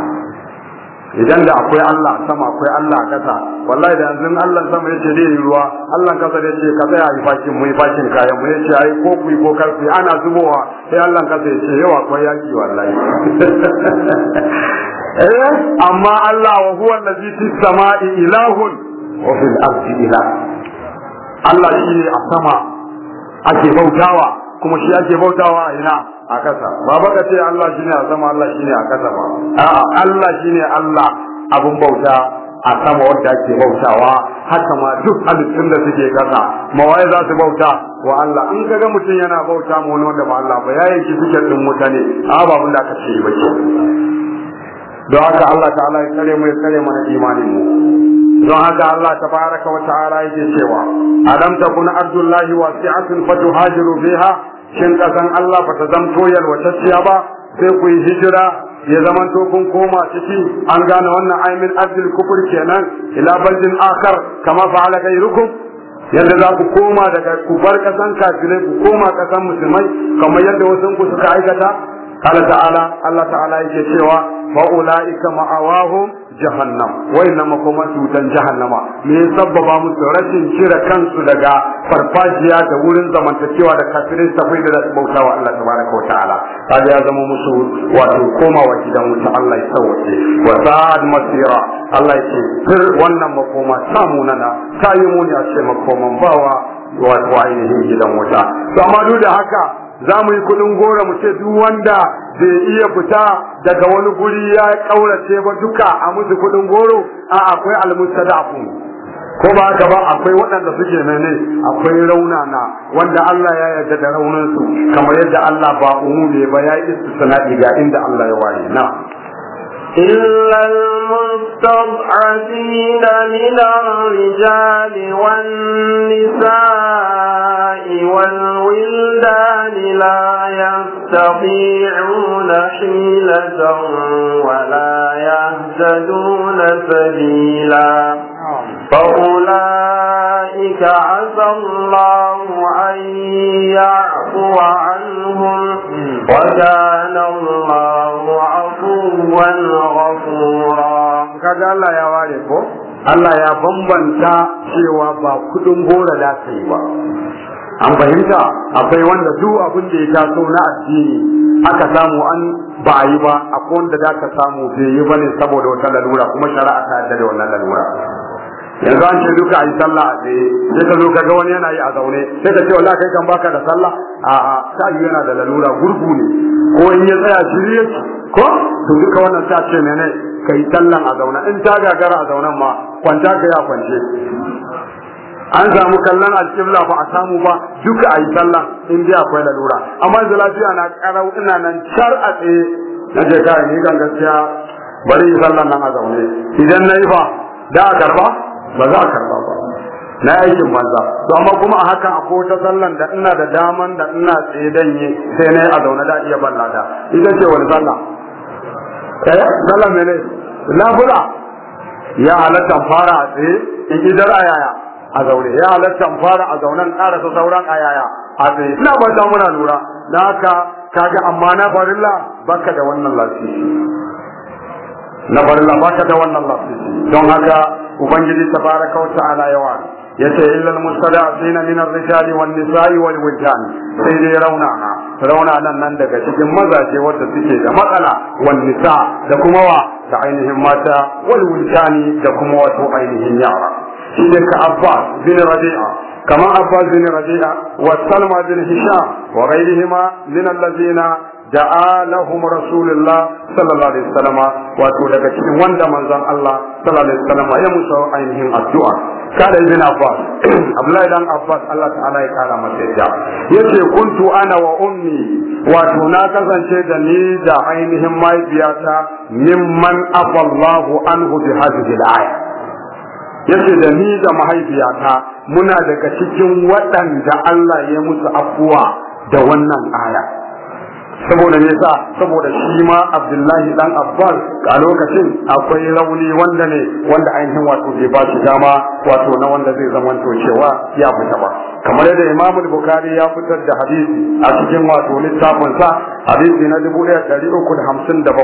idan da akwai Allah sama akwai Allah kasa wallahi da yanzu Allah sama yace dai ruwa Allah kasa da ce ka tsaya yi fakin mu yi fakin kayan mu ce ai ko ku ko kar ku ana zubowa sai Allah kasa ce yawa akwai yaki wallahi (laughs) eh amma Allah wa huwa allazi fi samai ilahun wa fil ardi ilah Allah shi ne a sama ake bautawa kuma shi ake bautawa a ina a kasa ba baka ce Allah shine a sama Allah shine a kasa ba a'a Allah shine Allah Abin bauta a sama wanda ake bautawa haka ma duk halittun da suke kasa mawaye za su bauta wa Allah in kaga mutum yana bauta ma wani wanda ba Allah ba yayin shi suke din mutane a ba da aka ce ba don haka Allah ta'ala ya kare mu ya kare mu na imanin mu don haka Allah baraka wa ta'ala yake cewa alam takun ardullahi wasi'atun fatuhajiru fiha shin kasan Allah bata zamto yalwatacciya ba sai ku yi hijira ya zaman to kun koma ciki an gane wannan aimin abdul kufur kenan ila baldin akhar kama fa'ala ghayrukum yadda za ku koma daga ku bar kasan kafirai ku koma kasan musulmai kamar yadda wasan ku suka aikata قال تعالى الله تعالى يجي فأولئك مأواهم جهنم وإن مكومة وتن جهنم من سبب مسرة شر كان سدقا فرفاجيا دولن زمن تكيوا دا كافرين سفيد دا بوتاوا الله تبارك وتعالى هذا يا زمو مسؤول وتقوما وجدا وتعالى الله يسوي وسعد مسيرا الله يجي سر وانا مكومة ساموننا تايموني أشي مكومة باوا wato ainihin gidan wuta. Amma duk da haka za mu yi kuɗin gora mu ce duk wanda bai iya fita daga wani guri ya ƙaurace ba duka a musu kuɗin goro a akwai afu. ko ba haka ba akwai waɗanda suke mene akwai rauna na wanda Allah ya yarda da raunansu kamar yadda Allah ba umu ne ba ya yi istisna'i ga inda Allah ya ware na إلا المستضعفين من الرجال والنساء والولدان لا يستطيعون حيلة ولا يهتدون سبيلا نعم. فأولئك عسى الله أن يعفو عنهم وكان الله عفوا غفورا كذا الله يا والد Allah ya bambanta cewa ba kudin bora da ta yi ba. An fahimta akwai wanda duk abin da ya taso na addini aka samu an ba yi ba akwai wanda da ka samu bai yi ba ne saboda wata lalura kuma shari'a ta da wannan lalura. yanzu an ce duka a yi sallah a tsaye sai ka zo ka ga wani yana yi a zaune sai ka ce wala kai kan baka da sallah a a ta yi yana da lalura gurgu ne ko in ya tsaya shiri yake ko to duka wannan ta ce mene ka yi sallah a zaune in ta gagara a zaune ma kwanta ka yi a kwance an samu kallon alƙibla ba a samu ba duka a yi sallah in dai akwai lalura amma yanzu lafiya na karau ina nan shar a tsaye na je kai ni kan gaskiya bari yi sallah nan a zaune idan na yi fa da a karba ba za a karba ba na aikin banza to amma kuma a hakan akwai wata sallan da ina da daman da ina tsaye danye sai na yi a zaune da iya balla da ita ce wani sallah eh sallah mene labula ya halatta fara a tsaye in idar ayaya a zaune, ya halatta fara a zaunan ƙarasa sauran ayaya a tsaye ina ban damuna lura da haka kaga amma na farilla baka da wannan lafiya na bar ba ta da wannan lafisi don haka ubangiji fara wa ta'ala yawa yace illal mustada'in min ar-rijal wan nisa'i wal wildan sai dai raunaha rauna nan nan daga cikin mazaje wanda suke da matsala wan nisa da kuma wa da ainihin mata wal wildani da kuma wato ainihin yara shi ne ka abbas bin rabi'a كما عباس بن ربيعة وسلمى بن هشام وغيرهما من الذين da'a lahum rasulullah sallallahu alaihi wasallam wato daga cikin wanda manzon Allah sallallahu alaihi wasallam ya musu ainihin addu'a kada ibn Abbas (clears throat) Abdullahi dan Abbas Allah ta'ala ya kara masa ya yace kuntu ana wa ummi wato na kasance da ni da ainihin mahaifiyata mimman afallahu anhu bi hadhihi al yace da ni da mahaifiyata muna daga cikin waɗanda Allah ya musu afuwa da wannan aya saboda me yasa saboda shi ma Abdullahi dan Abbas a lokacin akwai rauni wanda ne wanda ainihin wato bai ba shi dama wato na wanda zai zama to cewa ya fita ba kamar yadda Imam Bukhari ya fitar da hadisi a cikin wato littafin sa hadisi na 1357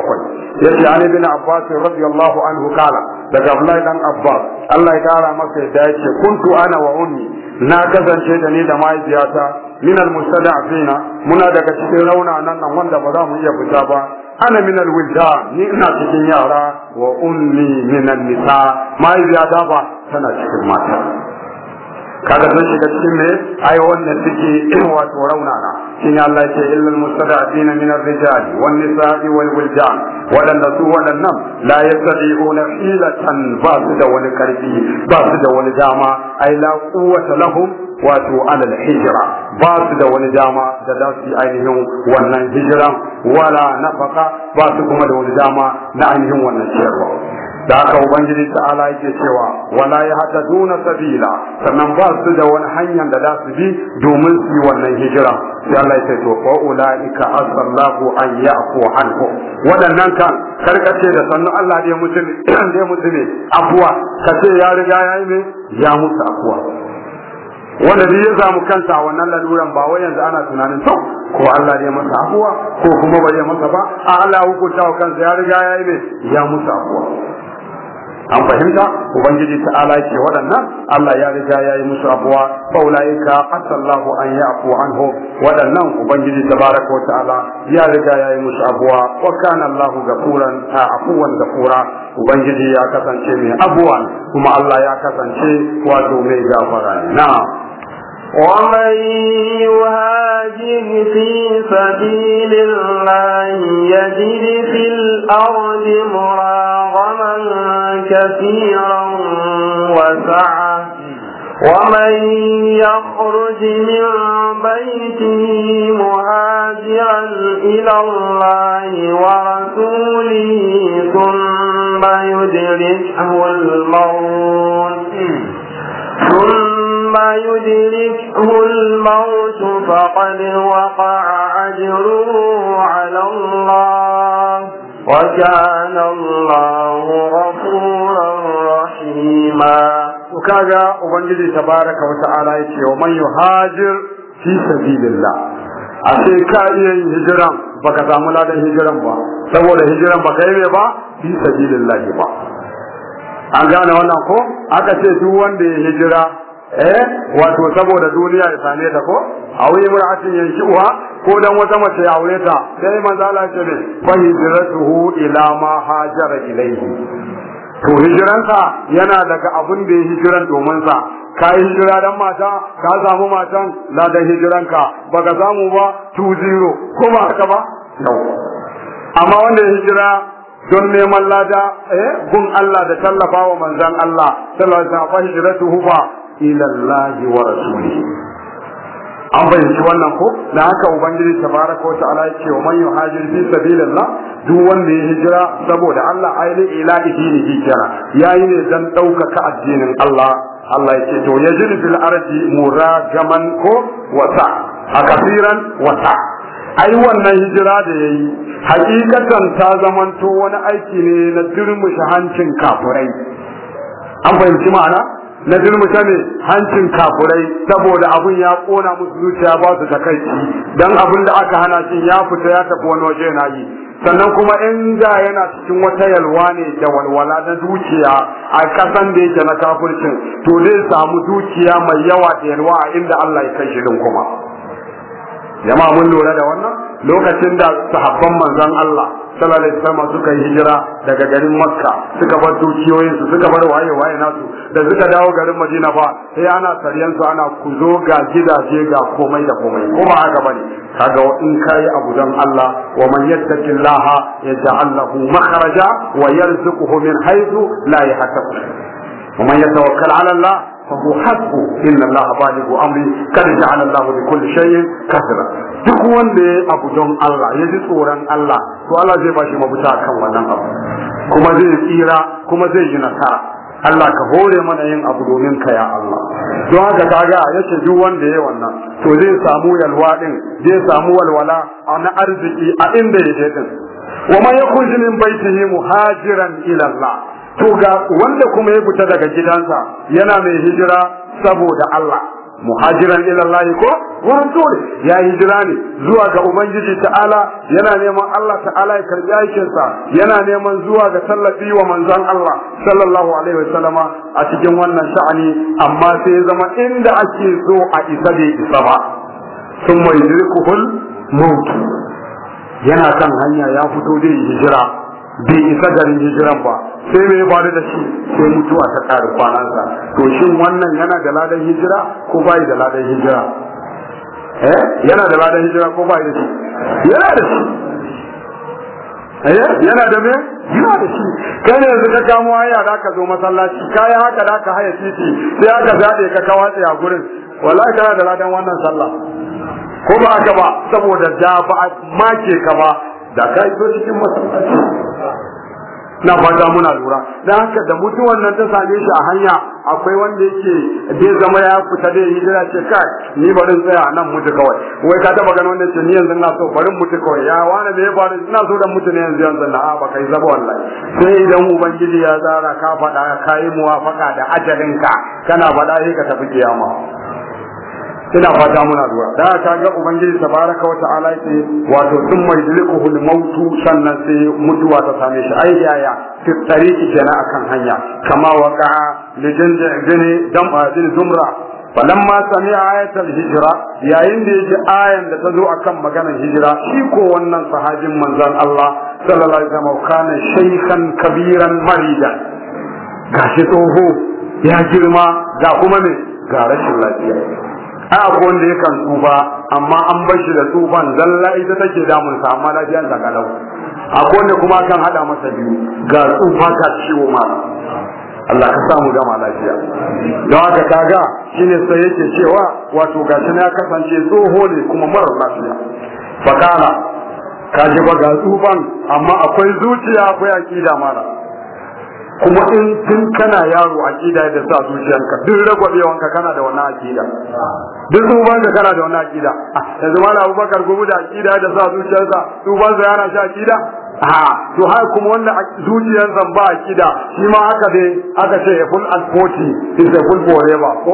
yace an ibn Abbas radiyallahu anhu kala daga Abdullahi dan Abbas Allah ya kara masa ya ce kuntu ana wa ummi na kasance da ni da mahaifiyata min almustada'fina muna daga cikin rauna nan nan wanda ba za mu iya fita ba ana min alwilda ni ina cikin yara wa ummi min nisa mahaifiya da ba tana cikin mata kaga sun shiga cikin me ai wanda suke wato raunana shine Allah ya ce illal mustada'ina min ar-rijal wan nisa'i wal wildan wadanda su wadannan la yastati'una hilatan ba su da wani karfi ba su da wani dama ai la quwwata lahum wato alal hijra ba su da wani dama da za su yi ainihin wannan hijiran wala nafaka ba su kuma da wani dama na ainihin wannan ciyarwa da haka ubangiji ala yake cewa wala ya yahtaduna sabila sannan ba su da wani hanyar da za su bi domin su yi wannan hijira sai Allah ya to fa ulaika asallahu an yaqu anhu wadannan kan karkace da sannu Allah dai da ya mutune (clears throat) afuwa kace ya riga yayi ne ya mutu afuwa wanda duk ya samu kansa wannan laluran ba wai yanzu ana tunanin to ko Allah ya masa afuwa ko kuma bai masa ba a Allah hukunta kansa ya riga yayi ne ya mutu afuwa an fahimta ubangiji ta'ala ce waɗannan Allah ya riga ya yi musu abuwa faulaika asallahu an ya'fu ho. waɗannan ubangiji tabaraka wa ta'ala ya riga ya yi musu abuwa wa kana Allah gafuran afuwan gafura ubangiji ya kasance mai abuwan kuma Allah ya kasance wato mai gafara na'am ومن يهاجر في سبيل الله يجد في الأرض مراغما كثيرا وسعة ومن يخرج من بيته مهاجرا إلى الله ورسوله ثم يدركه الموت ثم يدركه الموت فقد وقع أجره على الله وكان الله غفورا رحيما وكذا أبنجد تبارك وتعالى ومن يهاجر في سبيل الله ashe ka iya yin hijiran baka samu ladan hijiran ba saboda hijiran ba fi sabilillah ba an gane wannan ko aka ce duk wanda ya hijira eh wato saboda duniya ya same ta ko aure mur'atin uwa? ko dan wata mace ya aure ta sai manzo Allah ce ne fa hijratuhu ila ma hajara ilayhi to hijiransa yana daga abin da ya hijiran domin sa ka yi hijira dan mata ka samu matan ladan hijiranka baka samu ba tu-zero, ko kuma haka ba yau amma wanda ya hijira don neman lada eh gun Allah da tallafa wa manzon Allah sallallahu alaihi wasallam fa hijratuhu fa ilallahi wa rasuli an fahimci wannan ko da haka ubangiji tabaraka wa ta'ala yake wa man yuhajir fi sabilillah duk wanda ya hijira saboda Allah aili ila dinihi hijira yayi ne dan daukaka addinin Allah Allah yake to yajid fil ardi muragaman ko wata a kasiran wata ai wannan hijira da yayi hakikatan ta zamanto wani aiki ne na durmushi hancin kafurai an fahimci ma'ana na durmuta ne hancin kafurai saboda abun ya kona musu zuciya ba su ta kai dan abin da aka hana shi ya fita ya tafi wani waje na yi sannan kuma in da yana cikin wata yalwa ne da walwala na dukiya a kasan da yake na kafurcin to zai samu dukiya mai yawa da yalwa a inda Allah ya kai shi din kuma jama'a mun lura da wannan lokacin da sahabban manzon Allah sallallahu alaihi wasallam suka yi hijira daga garin makka suka bar dukiyoyin su suka bar waye waye nasu da suka dawo garin madina ba sai ana saryan su ana kuzo ga gidaje ga komai da komai kuma haka bane kaga in kai abu dan Allah wa man yattaqillaha yaj'al lahu makhraja wa yarzuquhu min haythu la yahtasib ومن يتوكل على الله فهو حق إن الله بالغ أمري قد جعل الله لكل شيء قدرا duk wanda ya abu don Allah ya ji tsoron Allah to Allah zai bashi mabuta kan wannan abu kuma zai tsira kuma zai yi nasara Allah ka hore mana yin abu domin ka ya Allah don haka kaga yace duk wanda ya wannan to zai samu yalwa din zai samu walwala na arziki a inda je din wa man yakhruj min baytihi muhajiran ila Allah to ga wanda kuma ya fita daga gidansa yana mai hijira saboda Allah muhajiran ila Allah ko wurin rasul ya hijira ne zuwa ga ubangiji ta'ala yana neman Allah ta'ala ya karbi aikin sa yana neman zuwa ga tallafi wa manzon Allah sallallahu alaihi wasallama a cikin wannan sha'ani amma sai ya zama inda ake so a isa bai isa ba sun mai zirkuhul yana kan hanya ya fito da hijira bai isa garin hijiran ba sai mai faru da shi sai mutuwa ta kare kwanansa to shin wannan yana da ladan hijira ko bai da ladan hijira eh yana da ladan hijira ko bai da shi yana da shi eh yana da me yana da shi kai ne yanzu ka kamo haya da ka zo masallaci kai haka da ka haya titi sai aka zade ka kawatse a gurin wallahi kana da ladan wannan sallah ko ba ka ba saboda da ba ma ke ka ba da ka iso cikin masallaci na fata muna lura dan haka da mutuwan nan ta same shi a hanya akwai wanda yake bai zama ya fita da yi. jira ce kai ni bari in tsaya nan mutu kawai wai ka taba ganin wannan ce ni yanzu na so bari mutu kawai ya wani me ya faru ina so da mutu ne yanzu yanzu na a baka zaba wallahi sai idan ubangiji ya zara ka faɗa ka yi muwafaka da ajalinka kana faɗa sai ka tafi kiyama ina fata muna zuwa da ta ga ubangiji tabaraka wa ta'ala yake wato sun mai mautu sannan sai mutuwa ta same shi ai yaya fi tsariki kenan akan hanya kama waka lijin da gani ah, dan fadil zumra falamma sami'a ayatul hijra yayin da yaji ayan da ta zo akan maganar hijira shi ko wannan sahajin manzan Allah sallallahu alaihi wasallam kana shaykhan kabiran marida gashi tsoho ya girma ga kuma ne ga rashin lafiya a wanda yakan tsufa amma an bar shi da tsufan zalla ita take damun sa amma lafiyar ta kalau a wanda kuma kan hada masa biyu ga tsufa ta ciwo ma Allah ka samu gama lafiya don haka kaga shine sai yake cewa wato gashi ya kasance tsoho ne kuma mara lafiya fakala ka ji ba ga tsufan amma akwai zuciya akwai akida mara kuma in tun kana yaro aqida da sa zuciyarka duk ragwabewanka kana da wannan aƙida? duk ka kana da wannan aqida ah, yanzu na abubakar gobe da aqida da sa zuciyarsa tsufansa yana shi aƙida? ha to har kuma wannan duniyar zamba a kida shi ma haka dai aka ce full and forty is a full forever ko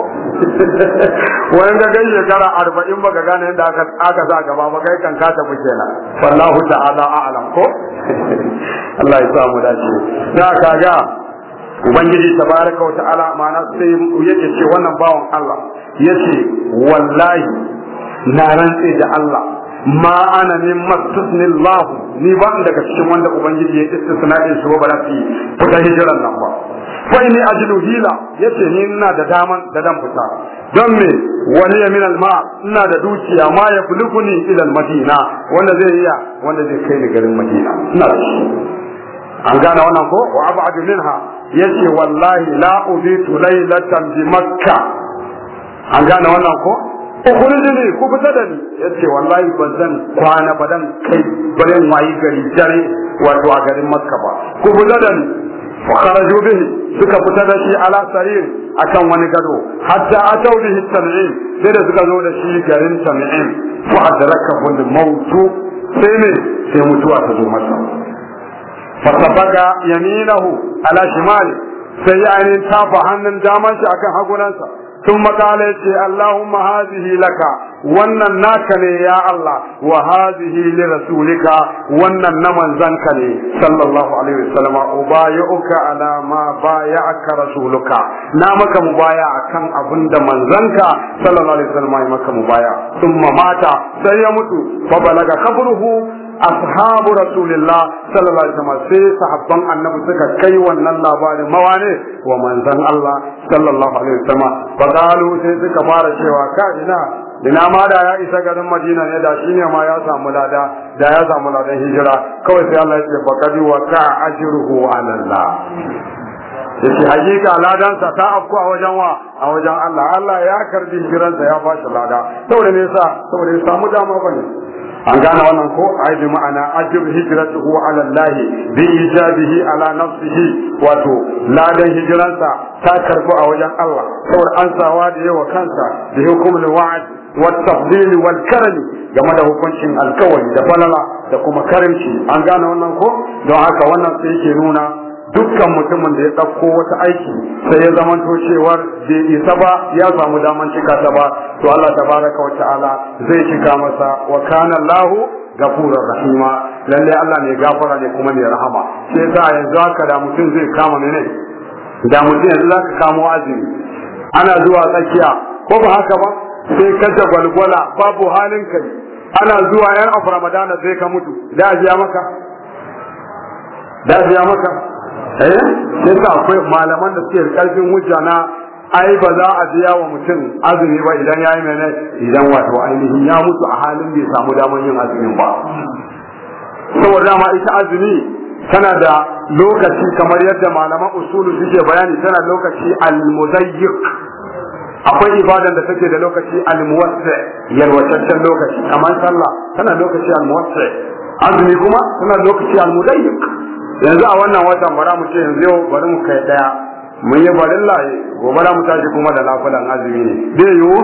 (laughs) wani ga gani gara arba'in baka gane yadda aka aka sa gaba ba kai kan kata ku kenan wallahu ta'ala a'lam ko (laughs) Allah ya samu dace Na kaga ubangiji tabaraka wa ta'ala mana sai yake ce wannan bawon Allah yace wallahi na rantse da Allah ma ana min mastasnillah ni ba daga cikin wanda ubangiji ya istisna din shi ba ko da hijiran nan ba fa inni ajlu hila yace ni ina da daman da dan fita don me wani ya min alma ina da dukiya ma ya bulukuni ila madina wanda zai iya wanda zai kai ni garin madina ina da shi an gane wannan ko wa abadu minha yace wallahi la ubitu laylatan bi makkah an gane wannan ko ukhrijni ku fita da ni ce wallahi ba zan kwana ba dan kai bare ayi gari dare wato a garin makka ba ku fita da ni kharaju bihi suka fita da shi ala sarir akan wani gado hatta atau bihi tamim sai da suka zo da shi garin tamim fa adraka al-mautu sai sai mutuwa ta zo masa fasabaga yaminahu ala shimali sai ya ne tafa hannun damansa shi akan hagunansa ثم قال اللهم هذه لك wannan naka ne ya Allah wa hadhihi li rasulika wannan na manzanka ne sallallahu alaihi wasallam ubayyuka ala ma bay'aka rasuluka na maka mubaya akan abinda manzanka sallallahu alaihi wasallam ya maka mubaya thumma mata sai ya mutu fa balaga qabruhu ashabu rasulillah sallallahu alaihi wasallam sai sahabban annabi suka kai wannan labarin mawane wa manzon Allah sallallahu alaihi wasallam fa qalu sai suka fara cewa ka ina ina ma da ya isa garin Madina ne da shine ma ya samu lada da ya samu ladan hijira kawai sai Allah ya ce faqad wa ka ajruhu ala Allah yace hakika ladansa ta afku a wajen wa a wajen Allah Allah ya karbi hijiransa ya bashi lada saboda me yasa saboda ya samu dama bane an gane wannan ko ai bi ma'ana ajib hijratuhu ala Allah bi ijabihi ala nafsihi wato ladan hijransa ta karbu a wajen Allah saboda an sawa da yawa kansa da hukumul wa'd wat tafdil wal karam game da hukuncin alkawari da falala da kuma karimci an gane wannan ko don haka wannan sai yake nuna dukkan mutumin da ya ɗauko wata aiki sai ya zamanto cewar bai isa ba ya samu daman cika ta ba to Allah tabaraka wa ta'ala zai shiga masa wa kana Allah gafurar rahima lalle Allah ne gafara ne kuma ne rahama sai sa yanzu haka da mutum zai kama ne da mutum yanzu zaka kamo azumi ana zuwa tsakiya ko ba haka ba sai ka gwalgwala babu halin kai ana zuwa yan af ramadana sai ka mutu da ajiya maka da ajiya maka eh sai akwai malaman da suke karfin hujja na ai ba za a biya wa mutum azumi ba idan ya yi mene idan wato ainihin ya mutu a halin bai samu damar yin azumin ba saboda dama ita azumi tana da lokaci kamar yadda malaman usulu suke bayani tana lokaci al-mudayyiq akwai ibadan da take da lokaci al-muwassi yalwataccen lokaci kamar sallah tana lokaci al-muwassi azumi kuma tana lokaci al-mudayyiq yanzu a wannan watan bara mu ce yanzu yau bari mu kai daya mun yi farilla gobe za mu tashi kuma da lafiyan azumi ne zai yiwu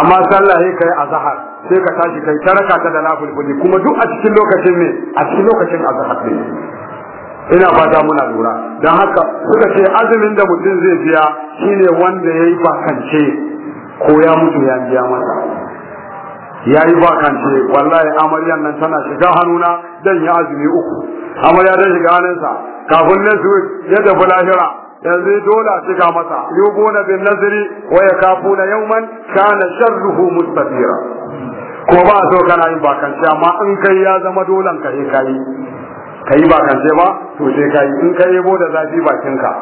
amma sallah kai kai azhar sai ka tashi kai taraka ta da lafulfuli kuma duk a cikin lokacin ne a cikin lokacin azhar ne ina fata muna lura don haka suka ce azumin da mutum zai biya shine wanda ya yi bakance ko ya mutu ya biya masa Ya yi ba ce, wallahi amaryan nan tana shiga hannuna dan ya azumi uku amarya ta shiga hannunsa kafin nan su ya tafi lahira yanzu dole a cika masa yubuna bin nazari wa ya na yawman kana sharruhu mustatira ko ba so kana yin bakance amma in kai ya zama dolan ka kai kai ka yi ba kance ba to sai ka in ka yebo da zafi bakinka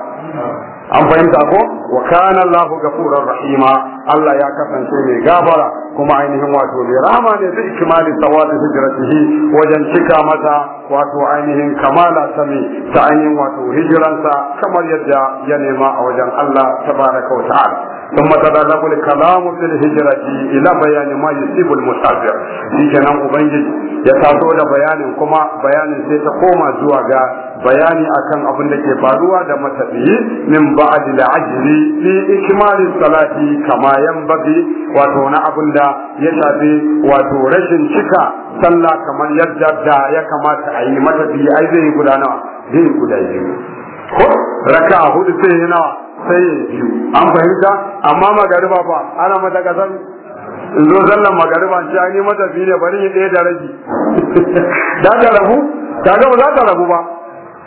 an fahimta ko wa kana Allahu gafurur rahima Allah ya kasance mai gafara kuma ainihin wato mai rahama ne fi ikmalin sawati hijratihi wajen cika mata wato ainihin kamala sami ta ainihin wato hijirarsa kamar yadda ya nema a wajen Allah tabaraka wa ta'ala ثم تدرب الكلام في الهجرة إلى ubangiji. Ya taso da bayanin kuma bayanin sai ta koma zuwa ga bayani akan abin da ke faruwa da matafiyi min ba'd al-ajri fi ikmal salati kama yanbaghi wato na abin da ya shafi wato rashin cika sallah kamar yadda da ya kamata a yi matafiyi ai zai gudana zai guda biyu ko raka hudu sai ya nawa sai ya an fahimta amma magariba ba ana mata kasan in zo sallan magariba ce an yi mata fiye bari yi ɗaya da rabi da (laughs) ta rabu ta ga ba za ta rabu ba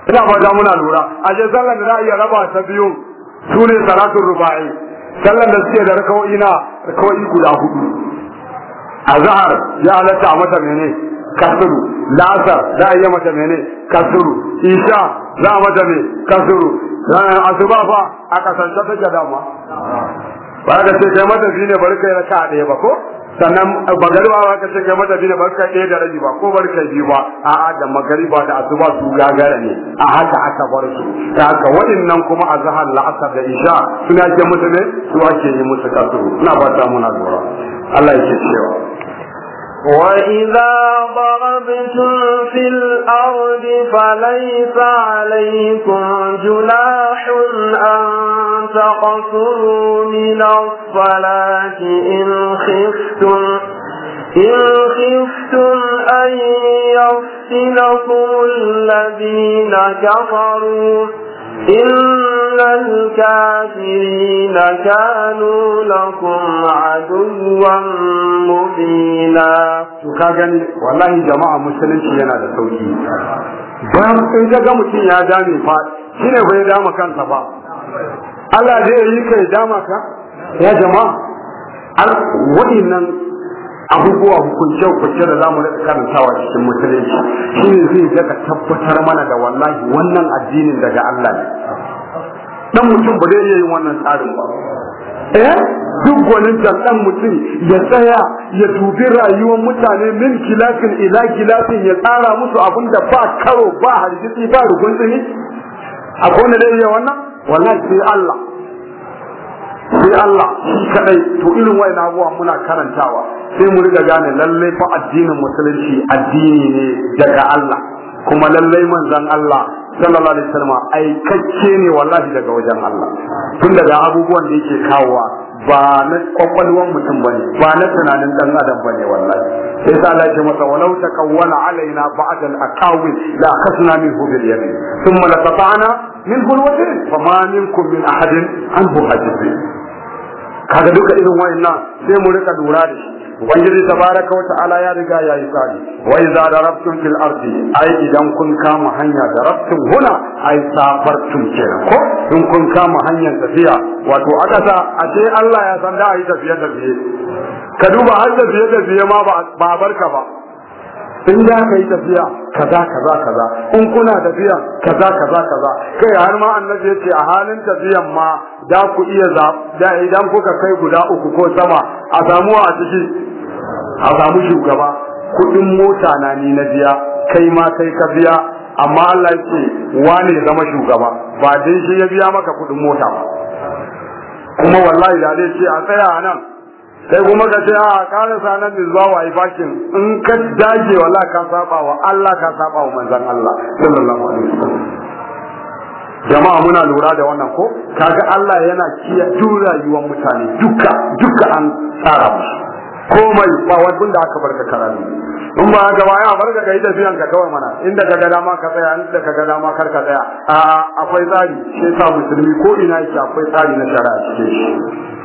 ina fata muna lura a ce sallan da za a iya raba ta biyu su ne salatun ruba'i sallan da suke da rakawai na rakawai guda hudu a zahar ya halatta a mata mene kasuru la'asar za a yi mata mene kasuru isha za a mata me kasuru eh, asuba fa a kasance take dama ba ka ce kai mata ne bari kai raka ɗaya ba ko sannan eh, magariba ba ka ce kai mata ne bari kai ɗaya da raji ba ko bari kai biyu ba a'a da magariba da asuba su gagara ne a haka aka bar su ta haka waɗannan kuma a zahar la'asar da isha suna ke musu ne su ake yi musu kasuru na ba ta muna zuwa Allah ya ce cewa وإذا ضربتم في الأرض فليس عليكم جناح أن تقصروا من الصلاة إن خفتم إن خفتم أن يفتنكم الذين كفروا إن الكافرين كانوا لكم عدوا مبينا كاغن والله جماعة مسلم شيئنا لسوكي دام إن جاء مسلم يا دامي فا شنو هو دام كان سبا الله دي يكي دامك يا جماعة وإنن abubuwa hukunce hukunce da zamu rika karantawa cikin musulunci shi ne zai ga tabbatar mana da wallahi wannan addinin daga Allah ne dan mutum ba zai yi wannan tsarin ba eh duk gwanin dan mutum ya tsaya ya tubi rayuwar mutane min kilasin ila kilasin ya tsara musu abin da ba karo ba hargitsi ba rugun tsini akwai ne zai iya wannan sai Allah sai Allah shi kadai to irin wayan abuwa muna karantawa sai mu riga gane lalle fa addinin musulunci addini ne daga Allah kuma lalle manzon Allah sallallahu alaihi wasallam aikacce ne wallahi daga wajen Allah tun daga abubuwan da yake kawowa ba na kwakwalwan mutum bane ba na tunanin dan adam bane wallahi sai sa Allah ya masa walau takawwala alaina ba'd al aqawi la akhasna minhu bil yamin thumma laqata'na minhu al fa ma minkum min ahadin anhu hajibin kaga duka irin wayannan sai mu rika lura da shi ubangiji tabaraka wa ta'ala ya riga ya yi sani wa idza darabtum fil ardi ai idan kun kama hanya darabtum huna ai sabartum kenan ko in kun kama hanyar tafiya wato akasa a ce Allah ya san da a yi tafiye tafiye ka duba har tafiye tafiye ma ba barka ba in za ka yi tafiya kaza kaza kaza in kuna tafiya kaza kaza kaza kai har ma annabi yace a halin tafiyan ma da ku iya za da idan kuka kai guda uku ko sama a samu a ciki a samu shugaba kudin mota na ni na biya kai ma kai ka biya amma Allah yake wani zama shugaba ba dai shi ya biya maka kudin mota kuma wallahi da dai shi a tsaya nan sai kuma ka ce a ah, ƙara sanar da zuwa wai bakin in ka dage wala ka saba wa Allah ka saba wa manzon Allah sallallahu alaihi wasallam jama'a muna lura da wannan ko kaga Allah yana kiyaye duk rayuwar mutane duka duka an tsara musu komai ba wajen da aka barka karami in ba ga baya barka kai tafiyan ka kawai mana inda ka ga dama ka tsaya inda ka ga dama kar ka tsaya a akwai tsari sai sa musulmi ko ina yake akwai tsari na shari'a cikin shi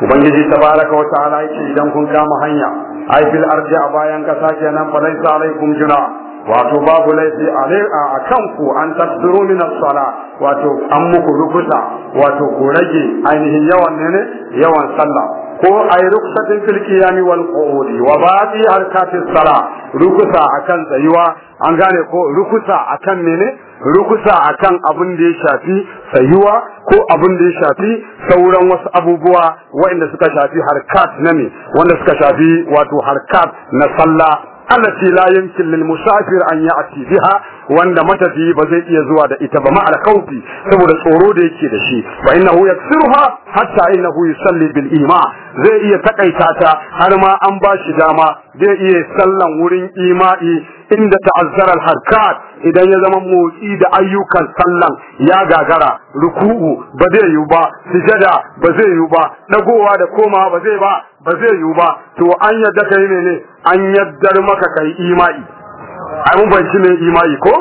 ubangiji tabaraka wa ta'ala yake idan kun kama hanya ai fil ardi a bayan kasa kenan fa laysa alaikum juna wato babu laifi a akan ku an takduru min as-sala wato an muku rubuta wato ku rage ainihin yawan ne yawan sallah ko ai ruksatin fil qiyami wal qu'udi wa ba'di harkatis sala rukusa akan tsayuwa an gane ko rukusa akan mene rukusa akan abin da ya shafi tsayuwa ko abin da ya shafi sauran wasu abubuwa waɗanda suka shafi harkat na me wanda suka shafi wato harkat na sallah allati la yumkin lil musafir an ya'ti biha wanda matafi ba zai iya zuwa da ita ba ma'al kaufi saboda tsoro da yake da shi fa innahu yaksiruha hatta innahu yusalli bil ima zai iya takaita ta har ma an ba shi dama zai iya sallan wurin ima'i inda ta'azzara al-harkat idan ya zama motsi da ayyukan sallan ya gagara ruku'u ba zai yiwu ba sujada ba zai yiwu ba dagowa da komawa ba zai ba ba zai yiwu ba to an yadda kai ne an yaddar maka kai imani ai mun shi ne imani ko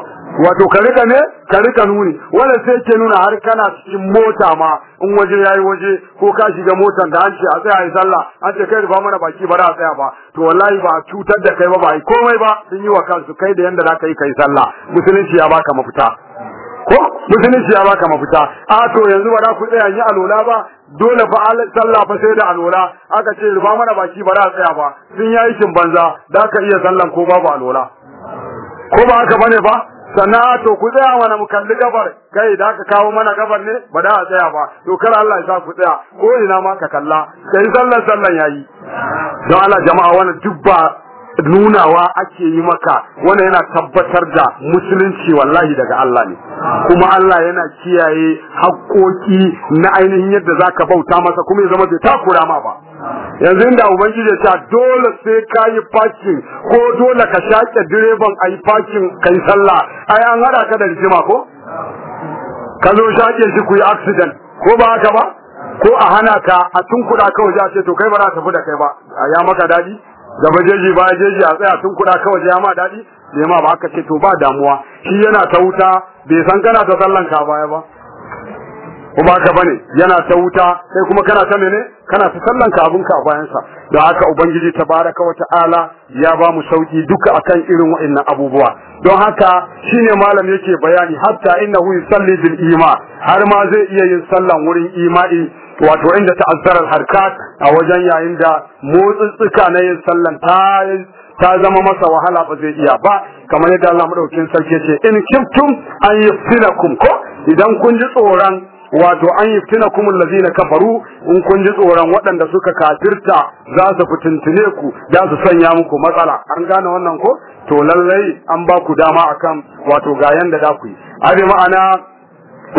wato ka rika ne ka rika nuni wala sai ke nuna har kana cikin mota ma in waje yayi waje ko ka shiga motan da an ce a tsaya ai sallah an ce kai ba mana baki ba za a tsaya ba to wallahi ba cutar da kai ba ba komai ba sun yi wa kansu kai da yanda za yi kai sallah musulunci ya baka mafita ko musulunci ya baka mafita a to yanzu ba za ku tsaya yi alola ba dole fa sallah fa sai da alola aka ce ba mana baki ba za a tsaya ba sun yi kin banza da ka iya sallan ko babu alola ko ba haka bane ba sana to ku tsaya mana mu kalli gabar kai da aka kawo mana gabar ne ba da a tsaya ba to kar Allah ya sa ku tsaya ko ina ma ka kalla sai sallan sallan yayi don Allah jama'a wannan dubba nunawa ake yi maka wannan yana tabbatar da musulunci wallahi daga Allah ne kuma Allah yana kiyaye haƙƙoƙi na ainihin yadda za ka bauta masa kuma ya zama bai takura ma ba yanzu inda ubangiji ta dole sai ka yi fakin ko dole ka shaƙe direban a yi fakin kai yi sallah ai an haɗa ka da rigima ko ka zo shaƙe shi ku yi accident ko ba haka ba ko a hana ka a tun ka waje a ce to kai ba za fi da kai ba a ya maka daɗi gaba jeji ba jeji a tsaya tun kuɗa kawai ya ma daɗi ne ma ba ka ce to ba damuwa shi yana ta wuta bai san kana ta sallan ka baya ba ko ba ka bane yana ta wuta sai kuma kana ta mene kana ta sallan ka abun ka bayan sa Don haka ubangiji tabaraka wa ta'ala ya ba mu sauki duka akan irin wa'annan abubuwa don haka shine malam yake bayani hatta innahu yusalli bil ima har ma zai iya yin sallan wurin ima'i wato inda ta'azzarar harkat a wajen yayin da motsitsika na yin sallan ta zama masa wahala ba zai iya ba kamar yadda Allah madaukakin sarki ce in kuntum an yaftinakum ko idan kun ji tsoron wato an yaftinakum allazina kafaru in kun ji tsoron waɗanda suka kafirta za su fitintine ku za su sanya muku matsala an gane wannan ko to lallai an ba ku dama akan wato ga yanda da ku yi a ma'ana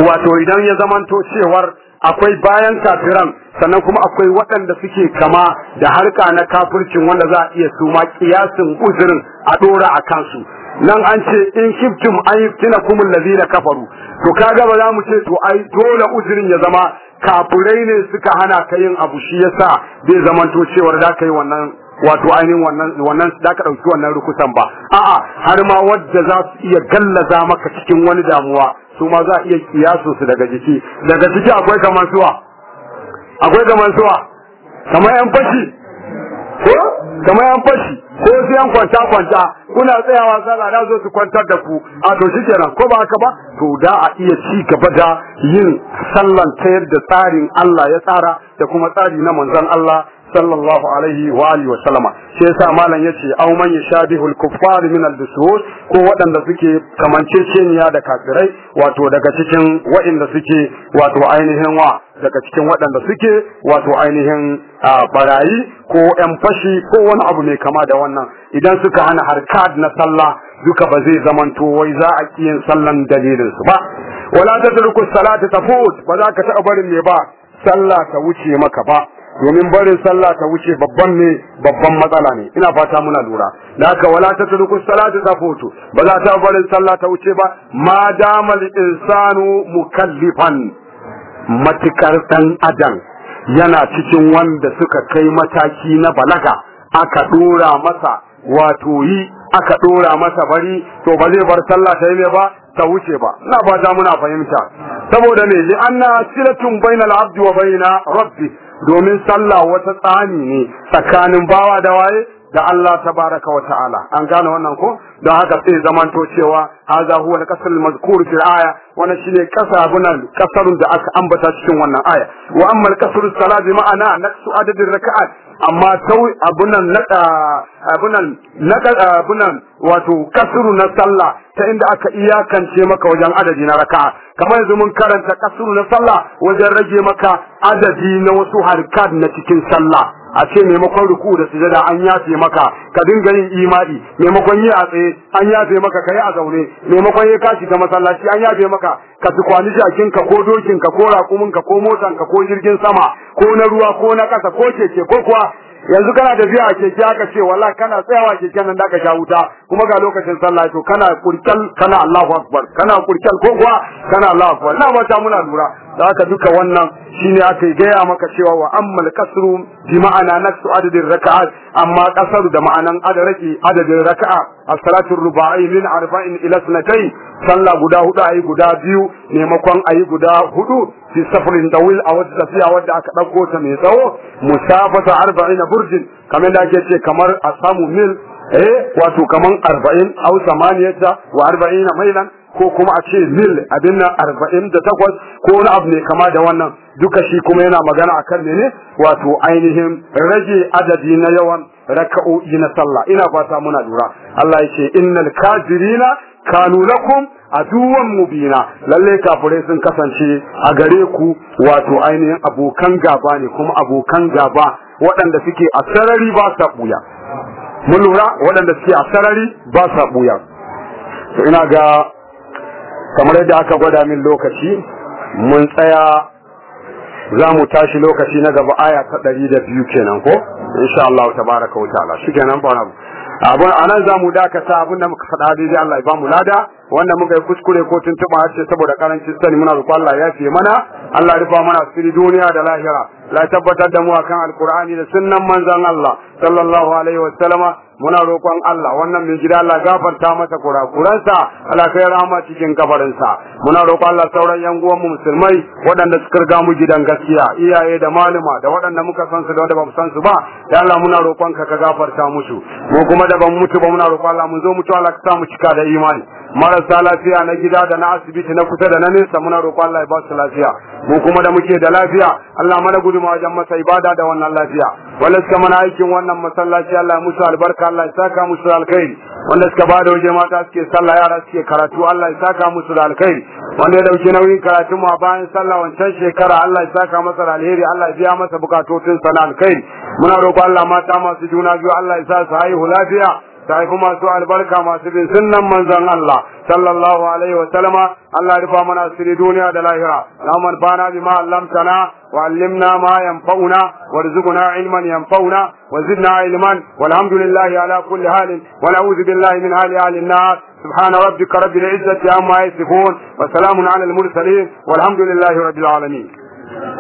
wato idan ya zamanto cewar akwai bayan kafiran sannan kuma akwai waɗanda suke kama da harka na kafircin wanda za a iya suma kiyasin uzurin a ɗora a kansu nan an ce in shiftum an tina kumul ladina kafaru to kaga ba za mu ce to ai dole uzurin ya zama kafurai ne suka hana ka yin abu shi yasa bai zamanto cewar za ka yi wannan wato ainihin wannan wannan da ka dauki wannan rukusan ba a'a har ma wadda za su iya gallaza maka cikin wani damuwa su ma za a iya kiyasu su daga jiki daga ciki akwai kamar suwa akwai kamar suwa kamar yan fashi ko kamar yan fashi ko su yan kwanta kwanta kuna tsayawa sallah da zo su kwantar da ku a to shikenan ko ba haka ba to da a iya ci gaba da yin sallan ta yadda tsarin Allah ya tsara da kuma tsari na manzon Allah sallallahu alaihi wa alihi wa sallama shi yasa malam yace au man yashabihu al-kuffar min al-dusus ko waɗanda suke kamanceceniya da kafirai wato daga cikin waɗanda suke wato ainihin wa daga cikin waɗanda suke wato ainihin barayi ko ƴan fashi ko wani abu mai kama da wannan idan suka hana harkad na sallah duka ba zai zamanto wai za a kiyin sallan dalilin su ba wala tadruku salata tafut ba za ka taɓa barin ne ba sallah ta wuce maka ba domin barin sallah ta wuce babban ne babban matsala ne ina fata muna lura da haka wala ta tuduku salatu ta foto ba za ta barin sallah ta wuce ba ma dama insanu mukallifan matikar dan adam yana cikin wanda suka kai mataki na balaga aka dora masa wato yi aka dora masa bari to ba zai bar sallah ta yi ba ta wuce ba ina ba muna fahimta saboda ne li anna silatun bainal abdi wa baina rabbi domin sallah wata tsani ne tsakanin bawa da waye da Allah tabaraka wa ta'ala an gane wannan ko don haka sai zamanto cewa haza huwa al-qasr al-mazkur al aya wannan shine gunan kasarun da aka ambata cikin wannan aya wa amma al-qasr as-salat bi ma'ana naqsu adadin raka'at amma tau abunan nada abunan nada abunan wato kasru na sallah ta inda aka iyakance maka wajen adadi na raka, kamar yanzu mun karanta kasru na sallah wajen rage maka adadi na wasu harkat na cikin sallah a ce maimakon ruku da sujada an yafe maka ka dinga yin imani maimakon yi a tsaye an yafe maka ka yi a zaune maimakon yi kashi ga masallaci an yafe maka ka tukwani ka ko dokin ka ko ka ko ka ko jirgin sama ko na ruwa ko na ƙasa ko keke ko kuwa yanzu kana tafiya a keke aka ce walla kana tsayawa keke nan da ka sha wuta kuma ga lokacin sallah to kana kurkal kana Allahu akbar kana kurkal ko kuwa kana Allahu akbar na ta muna lura da haka duka wannan shine aka yi gaya maka cewa wa ammal kasru bi ma'ana naqsu adadin raka'a amma kasar da ma'anan adaraki adadin raka'a as-salatu rubai min arba'in ila sunatay sallah guda hudu ayi guda biyu maimakon ayi guda hudu fi da dawil a wata tafiya wadda aka dauko ta mai tsawo musafata arba'ina burjin kamar da ake ce kamar a samu mil eh wato kamar arba'in au samaniyata wa arba'ina mailan ko kuma a ce mil abin nan arba'in da takwas ko wani abu ne kama da wannan duka shi kuma yana magana a kan ne wato ainihin rage adadi na yawan raka'o'i na sallah ina fata muna lura Allah ya ce innal kafirina kanu lakum aduwwan mubina lalle kafure sun kasance a gare ku wato ainihin abokan gaba ne kuma abokan gaba waɗanda suke a sarari ba sa buya mun lura waɗanda suke a sarari ba sa buya ina ga kamar yadda aka gwada min lokaci mun tsaya za mu tashi lokaci na gaba aya ta ɗari da biyu kenan ko insha Allah ta baraka wa ta'ala shi kenan ba abu a nan za mu dakata abin da muka fada daidai Allah ya ba mu lada wanda muka yi kuskure ko tuntuɓa ce saboda karancin sani muna roƙon Allah ya fiye mana Allah rufa mana asiri duniya da lahira la tabbatar da mu akan alkur'ani da sunnan manzon Allah sallallahu alaihi wa sallama muna roƙon Allah wannan mai gida Allah gafarta masa kurakuransa Allah kai rahama cikin sa muna roƙon Allah sauran yan uwan musulmai waɗanda suka riga mu gidan gaskiya iyaye da malama da waɗanda muka san su da wanda ba san su ba ya Allah muna roƙon ka ka gafarta musu mu kuma da ban mutu ba muna roƙon Allah mu zo mutu Allah ka sa mu cika da imani marasa lafiya na gida da na asibiti na kusa da na nesa muna roƙon Allah ya ba su lafiya mu kuma da muke da lafiya Allah mana gudu wajen masa ibada da wannan lafiya wanda suka mana aikin wannan masallaci Allah ya musu albarka Allah ya saka musu alkhairi wanda suka ba da waje mata suke sallah yara suke karatu Allah ya saka musu da alkhairi wanda ya dauki nauyin karatu mu a bayan sallah wancan shekara Allah ya saka masa alheri Allah ya biya masa bukatotinsa sana alkhairi muna roƙon Allah mata masu juna biyu Allah ya sa su haihu lafiya ta haifi masu albarka masu bin sunnan manzon Allah sallallahu alaihi wa sallama Allah rufa mana asiri duniya da lahira la man bana bima allamtana wa allimna ma yanfa'una warzuqna ilman yanfa'una wa zidna ilman walhamdulillahi ala kulli halin wa na'udzu billahi min hali ahli an-nar سبحان ربك رب العزة عما يصفون وسلام على المرسلين والحمد لله رب العالمين